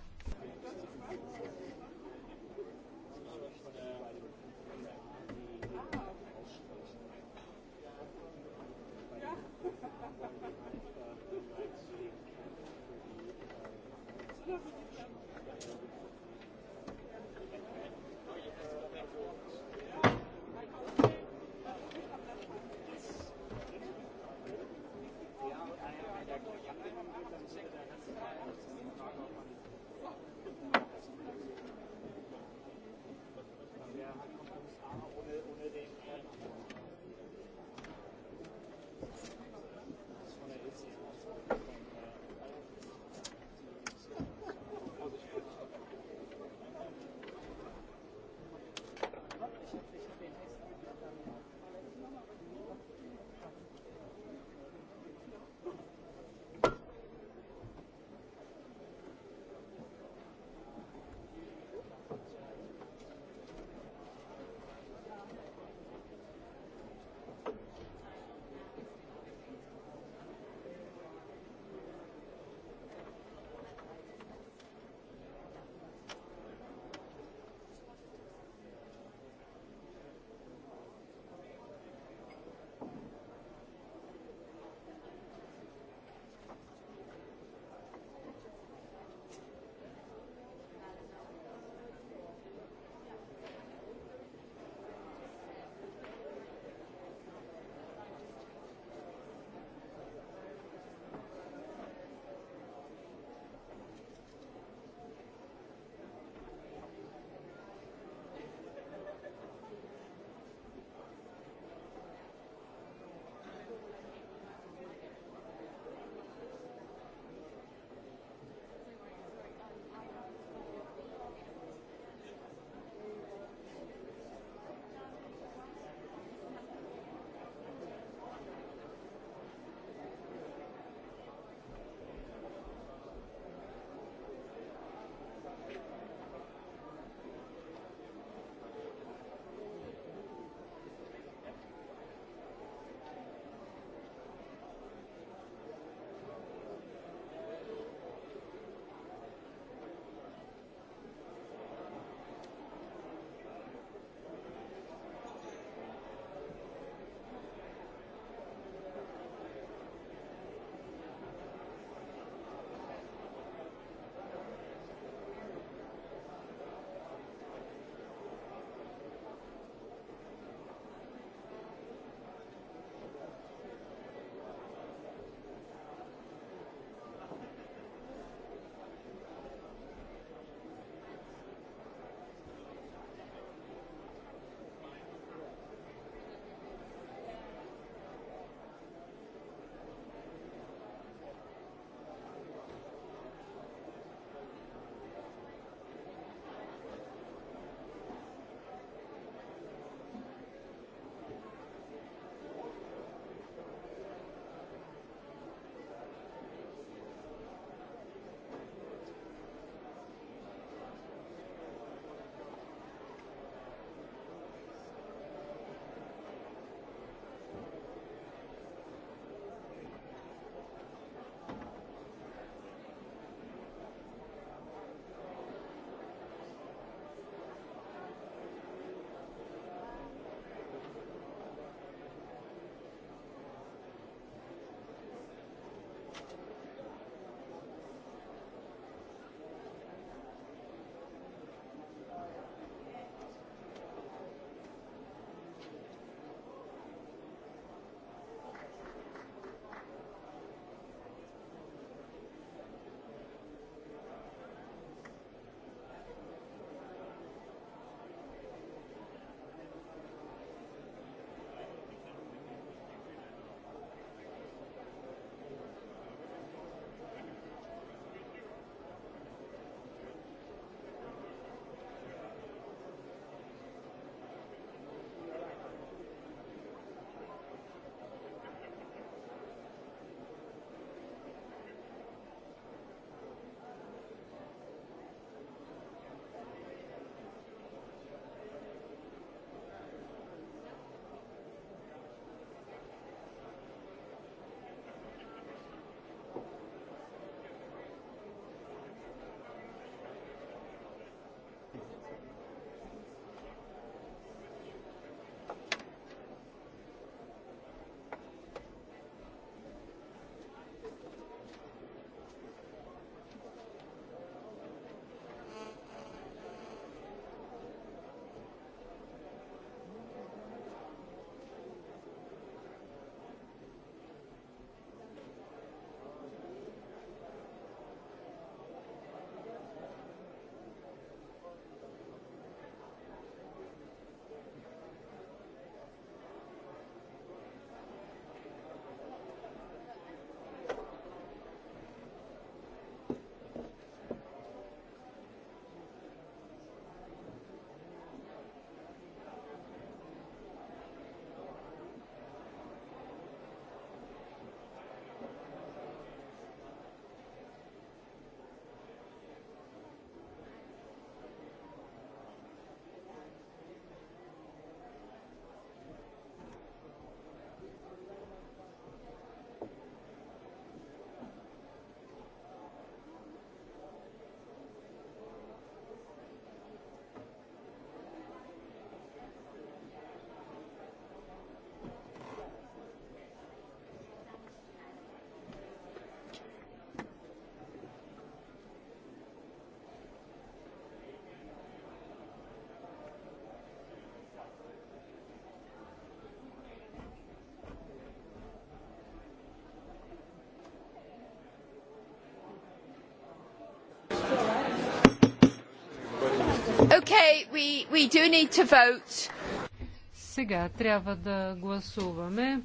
Сега трябва да гласуваме.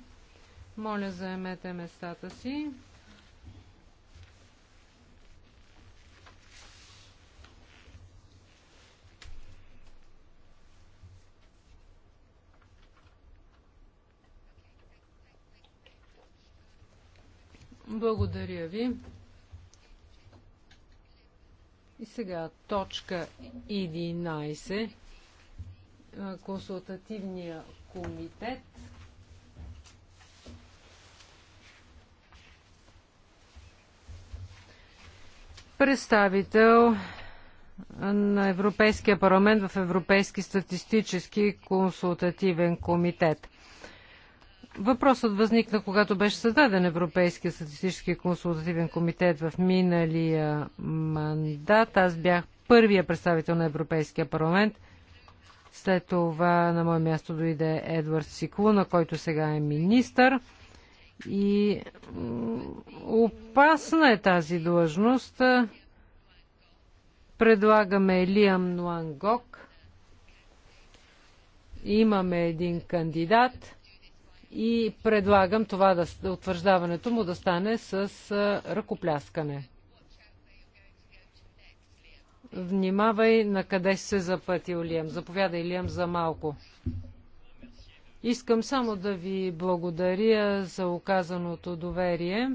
Моля, заемете местата си. Благодаря ви. И сега точка 11. Консултативния комитет. Представител на Европейския парламент в Европейски статистически консултативен комитет. Въпросът възникна, когато беше създаден Европейския статистически консултативен комитет в миналия мандат. Аз бях първия представител на Европейския парламент. След това на мое място дойде Едвард Сиклуна, който сега е министър. И опасна е тази длъжност. Предлагаме Лиам Нуангок. Имаме един кандидат и предлагам това да, утвърждаването му да стане с ръкопляскане. Внимавай на къде се запъти, Олием. Заповядай, Олием, за малко. Искам само да ви благодаря за оказаното доверие.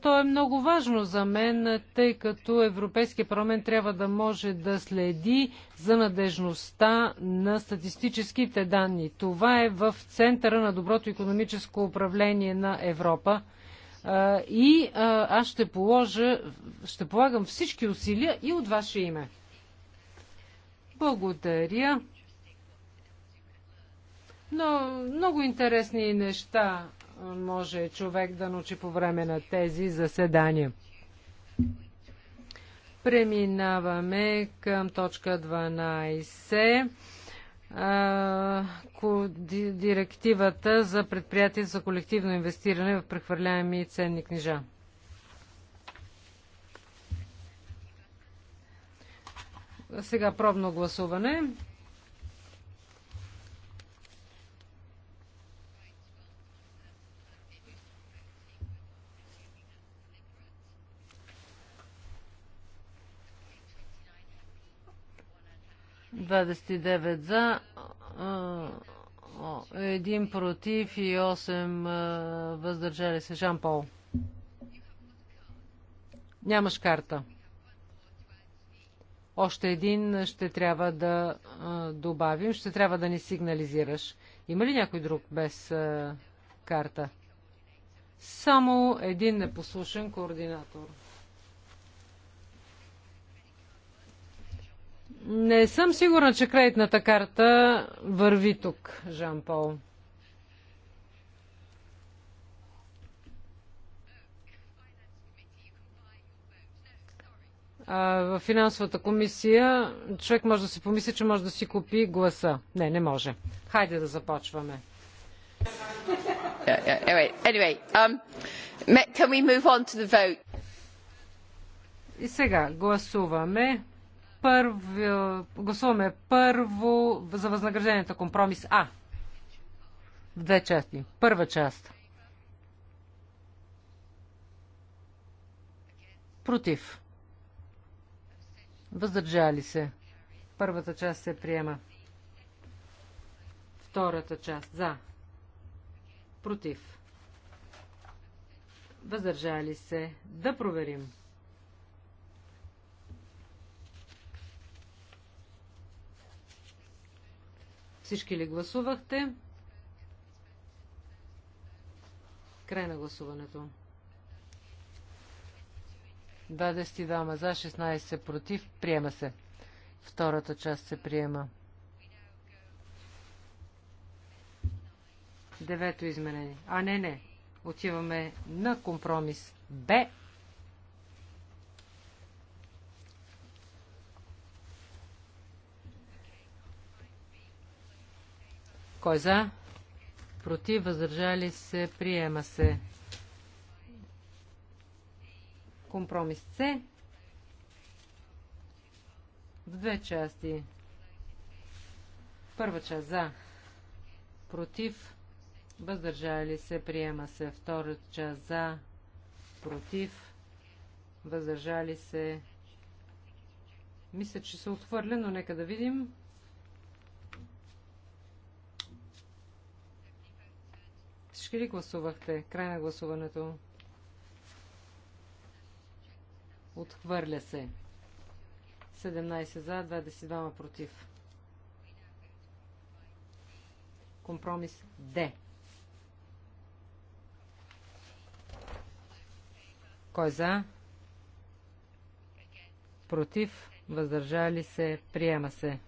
То е много важно за мен, тъй като Европейския парламент трябва да може да следи за надежността на статистическите данни. Това е в центъра на доброто економическо управление на Европа. И аз ще положа, ще полагам всички усилия и от ваше име. Благодаря. Но много интересни неща може човек да научи по време на тези заседания. Преминаваме към точка 12 директивата за предприятие за колективно инвестиране в прехвърляеми ценни книжа. Сега пробно гласуване. 29 за, 1 против и 8 въздържали се. Жан Пол. Нямаш карта. Още един ще трябва да добавим, ще трябва да ни сигнализираш. Има ли някой друг без карта? Само един непослушен координатор. Не съм сигурна, че кредитната карта върви тук, Жан Пол. в финансовата комисия човек може да си помисли, че може да си купи гласа. Не, не може. Хайде да започваме. Anyway, um, И сега гласуваме. Първо, гласуваме първо за възнагражденията компромис А. В две части. Първа част. Против. Въздържали се. Първата част се приема. Втората част. За. Против. Въздържали се. Да проверим. Всички ли гласувахте? Край на гласуването. 22 за, 16 против. Приема се. Втората част се приема. Девето изменение. А, не, не. Отиваме на компромис Б Кой за? Против, въздържали се, приема се. Компромис С. В две части. Първа част за. Против, въздържали се, приема се. Втора част за. Против, въздържали се. Мисля, че се отхвърля, но нека да видим. Всички ли гласувахте? Край на гласуването. Отхвърля се. 17 за, 22 против. Компромис Д. Кой за? Против. Въздържали се. Приема се.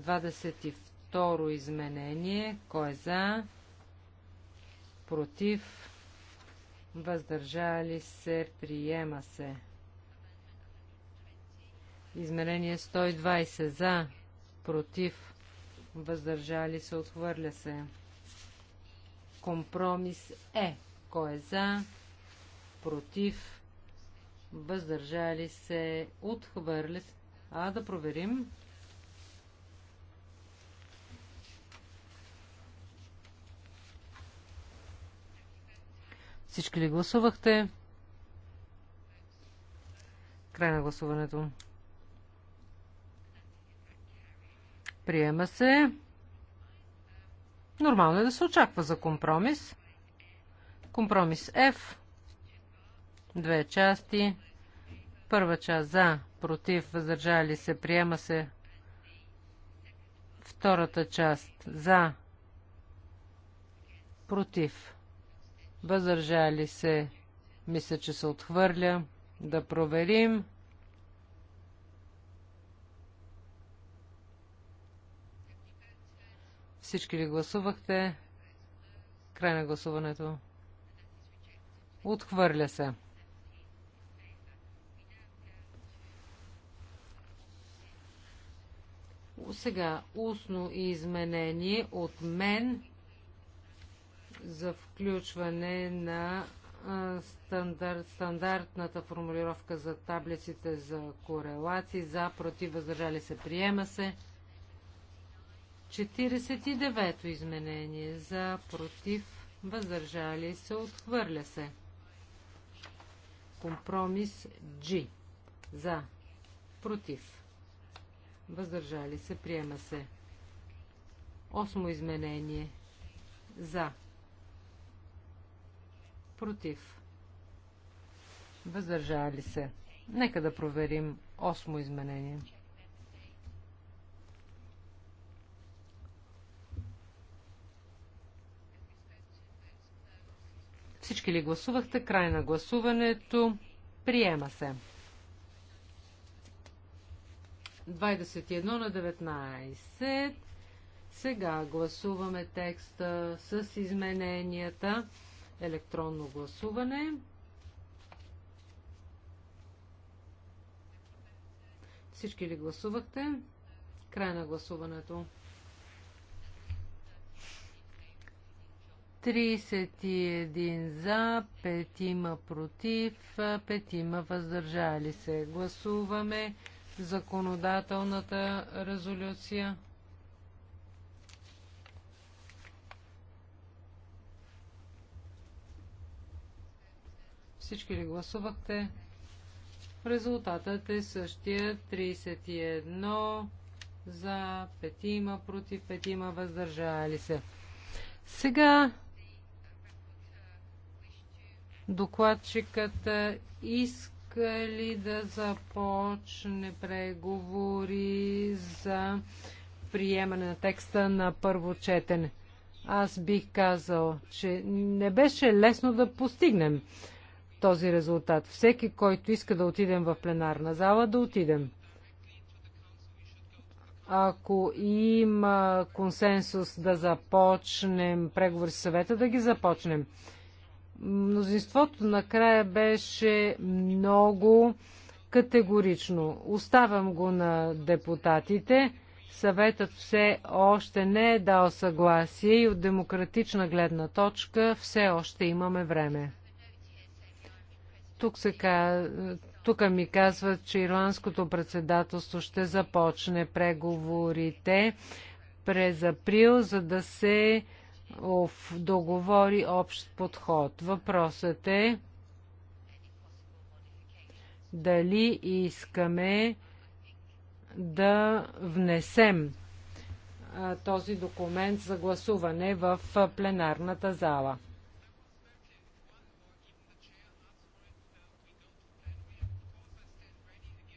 22 Второ изменение. Кой е за? Против? Въздържали се? Приема се. Измерение 120 за, против, въздържали се, отхвърля се. Компромис е. Кой е за, против, въздържали се, отхвърля се. А да проверим. Всички ли гласувахте? Край на гласуването. Приема се. Нормално е да се очаква за компромис. Компромис F. Две части. Първа част за, против, въздържали се, приема се. Втората част за, против, въздържали се, мисля, че се отхвърля. Да проверим. Всички ли гласувахте? Край на гласуването. Отхвърля се. Сега устно изменение от мен за включване на стандартната формулировка за таблиците за корелации, за, против, въздържали се, приема се. 49-то изменение за, против, въздържали се, отхвърля се. Компромис G. За, против, въздържали се, приема се. Осмо изменение. За, Против. Въздържали се. Нека да проверим осмо изменение. Всички ли гласувахте? Край на гласуването. Приема се. 21 на 19. Сега гласуваме текста с измененията електронно гласуване. Всички ли гласувахте? Край на гласуването. 31 за, 5 има против, 5 има въздържали се. Гласуваме законодателната резолюция. Всички ли гласувахте? Резултатът е същия 31 за 5 има против 5 има въздържали се. Сега докладчикът иска ли да започне преговори за приемане на текста на първо четене? Аз бих казал, че не беше лесно да постигнем този резултат. Всеки, който иска да отидем в пленарна зала, да отидем. Ако има консенсус да започнем преговори с съвета, да ги започнем. Мнозинството накрая беше много категорично. Оставям го на депутатите. Съветът все още не е дал съгласие и от демократична гледна точка все още имаме време. Тук, се, тук ми казват, че ирландското председателство ще започне преговорите през април, за да се договори общ подход. Въпросът е дали искаме да внесем този документ за гласуване в пленарната зала.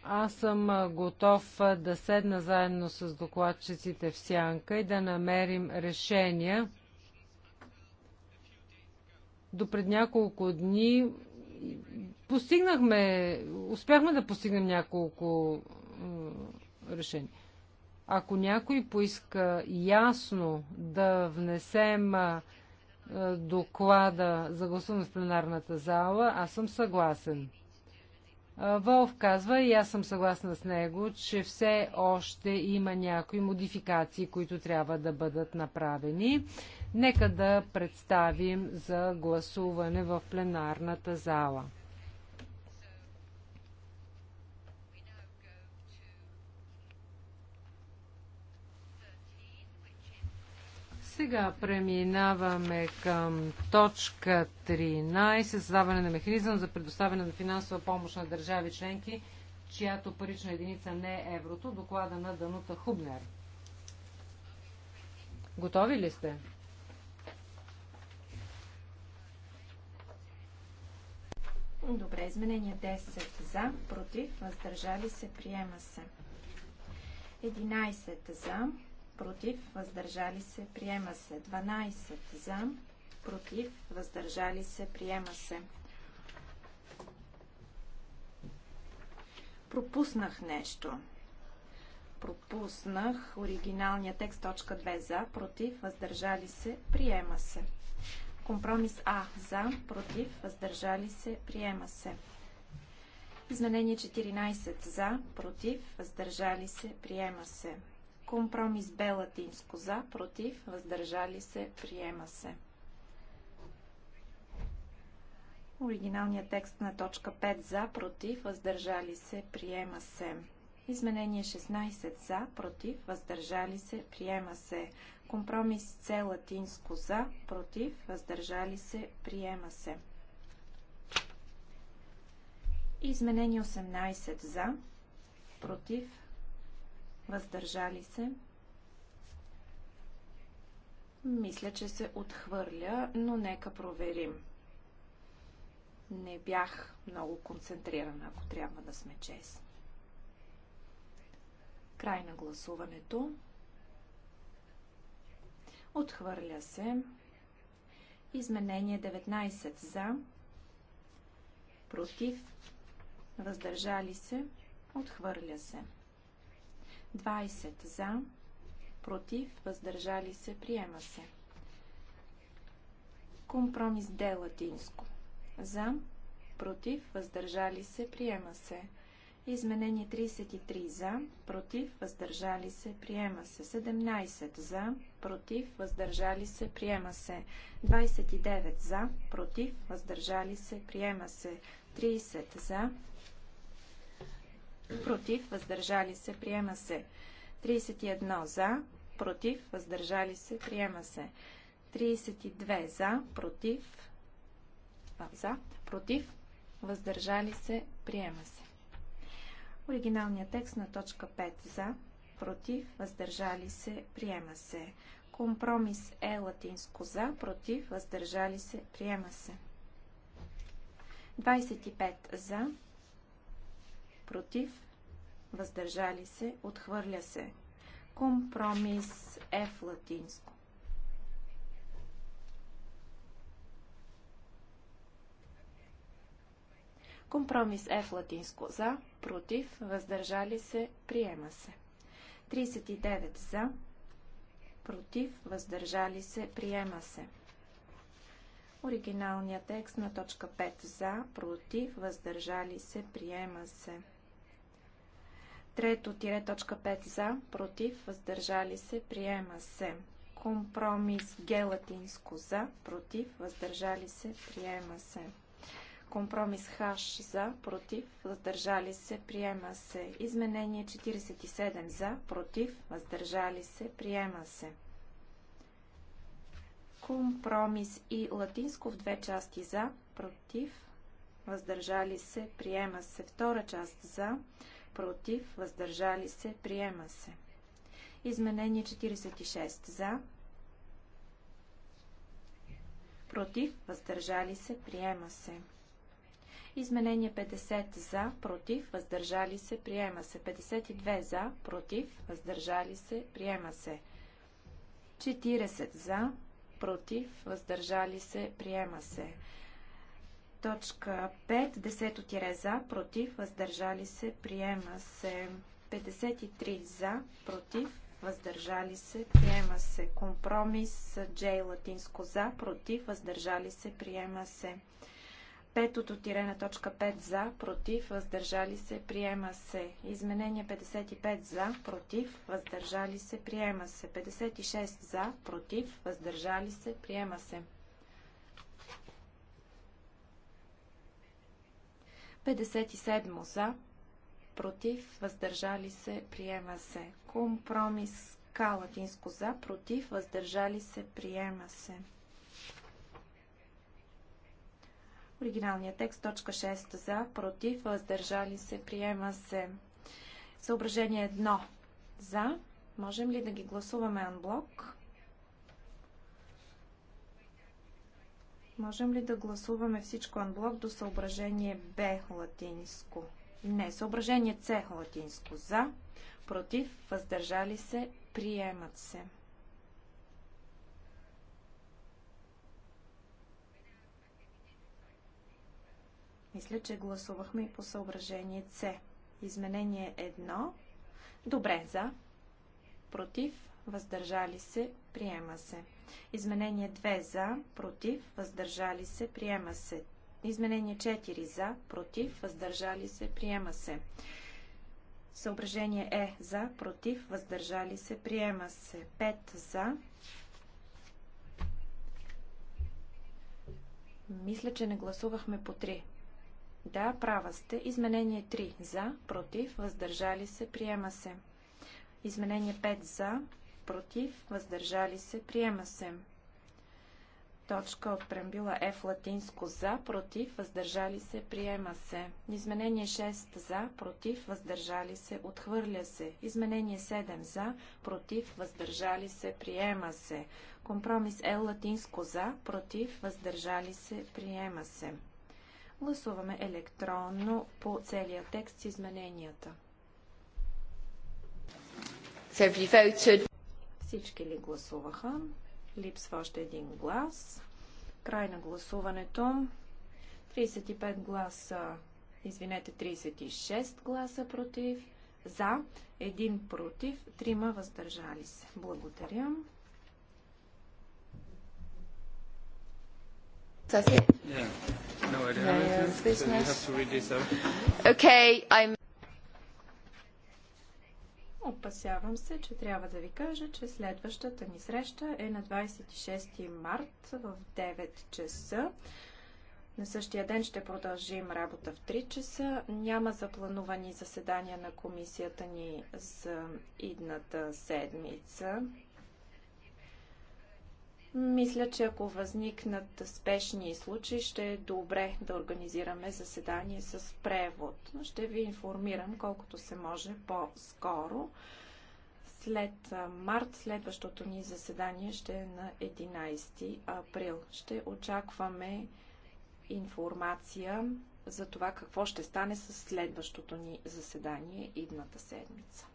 Аз съм готов да седна заедно с докладчиците в сянка и да намерим решения. До пред няколко дни постигнахме, успяхме да постигнем няколко решения. Ако някой поиска ясно да внесем доклада за гласуване в пленарната зала, аз съм съгласен. Волф казва, и аз съм съгласна с него, че все още има някои модификации, които трябва да бъдат направени. Нека да представим за гласуване в пленарната зала. Сега преминаваме към точка 13, създаване на механизъм за предоставяне на финансова помощ на държави членки, чиято парична единица не е еврото, доклада на Данута Хубнер. Готови ли сте? Добре, изменение 10 за, против, въздържали се, приема се. 11 за, против, въздържали се, приема се. 12 за, против, въздържали се, приема се. Пропуснах нещо. Пропуснах оригиналния текст, точка 2 за, против, въздържали се, приема се. Компромис А за, против, въздържали се, приема се. Изменение 14 за, против, въздържали се, приема се. Компромис Б латинско за, против, въздържали се, приема се. Оригиналният текст на точка 5 за, против, въздържали се, приема се. Изменение 16 за, против, въздържали се, приема се. Компромис С латинско за, против, въздържали се, приема се. Изменение 18 за, против, въздържали се. Мисля, че се отхвърля, но нека проверим. Не бях много концентрирана, ако трябва да сме честни. Край на гласуването. Отхвърля се. Изменение 19 за. Против. Въздържали се. Отхвърля се. 20 за, против, въздържали се, приема се. Компромис Д латинско. За, против, въздържали се, приема се. Изменение 33 за, против, въздържали се, приема се. 17 за, против, въздържали се, приема се. 29 за, против, въздържали се, приема се. 30 за, против, въздържали се, приема се. 31 за, против, въздържали се, приема се. 32 за, против, а, за, против, въздържали се, приема се. Оригиналният текст на точка 5 за, против, въздържали се, приема се. Компромис е латинско за, против, въздържали се, приема се. 25 за, против, въздържали се, отхвърля се. Компромис в латинско. Компромис в латинско за, против, въздържали се, приема се. 39 за, против, въздържали се, приема се. Оригиналният текст на точка 5 за, против, въздържали се, приема се. Трето тире точка 5 за, против, въздържали се, приема се. Компромис Ге латинско за, против, въздържали се, приема се. Компромис Х за, против, въздържали се, приема се. Изменение 47 за, против, въздържали се, приема се. Компромис и латинско в две части за, против, въздържали се, приема се. Втора част за, против, против, въздържали се, приема се. Изменение 46 за, против, въздържали се, приема се. Изменение 50 за, против, въздържали се, приема се. 52 за, против, въздържали се, приема се. 40 за, против, въздържали се, приема се. Точка 5, 10 тире за, против, въздържали се, приема се. 53 за, против, въздържали се, приема се. Компромис J латинско за, против, въздържали се, приема се. Петото тире на точка 5 за, против, въздържали се, приема се. Изменение 55 за, против, въздържали се, приема се. 56 за, против, въздържали се, приема се. 57 за, против, въздържали се, приема се. Компромис К латинско за, против, въздържали се, приема се. Оригиналният текст, точка 6 за, против, въздържали се, приема се. Съображение 1 за. Можем ли да ги гласуваме анблок? Можем ли да гласуваме всичко анблок до съображение Б латинско? Не, съображение С латинско. За, против, въздържали се, приемат се. Мисля, че гласувахме и по съображение С. Изменение 1. Добре, за. Против въздържали се, приема се. Изменение 2 за, против, въздържали се, приема се. Изменение 4 за, против, въздържали се, приема се. Съображение Е за, против, въздържали се, приема се. 5 за. Мисля, че не гласувахме по 3. Да, права сте. Изменение 3 за, против, въздържали се, приема се. Изменение 5 за, против, въздържали се, приема се. Точка от прембила F латинско за, против, въздържали се, приема се. Изменение 6 за, против, въздържали се, отхвърля се. Изменение 7 за, против, въздържали се, приема се. Компромис L латинско за, против, въздържали се, приема се. Гласуваме електронно по целия текст с измененията. Всички ли гласуваха? Липсва още един глас. Край на гласуването. 35 гласа, извинете, 36 гласа против, за, един против, трима въздържали се. Благодаря. Okay, I'm Опасявам се, че трябва да ви кажа, че следващата ни среща е на 26 март в 9 часа. На същия ден ще продължим работа в 3 часа. Няма запланувани заседания на комисията ни за идната седмица. Мисля, че ако възникнат спешни случаи, ще е добре да организираме заседание с превод. Ще ви информирам колкото се може по-скоро. След март следващото ни заседание ще е на 11 април. Ще очакваме информация за това какво ще стане с следващото ни заседание идната седмица.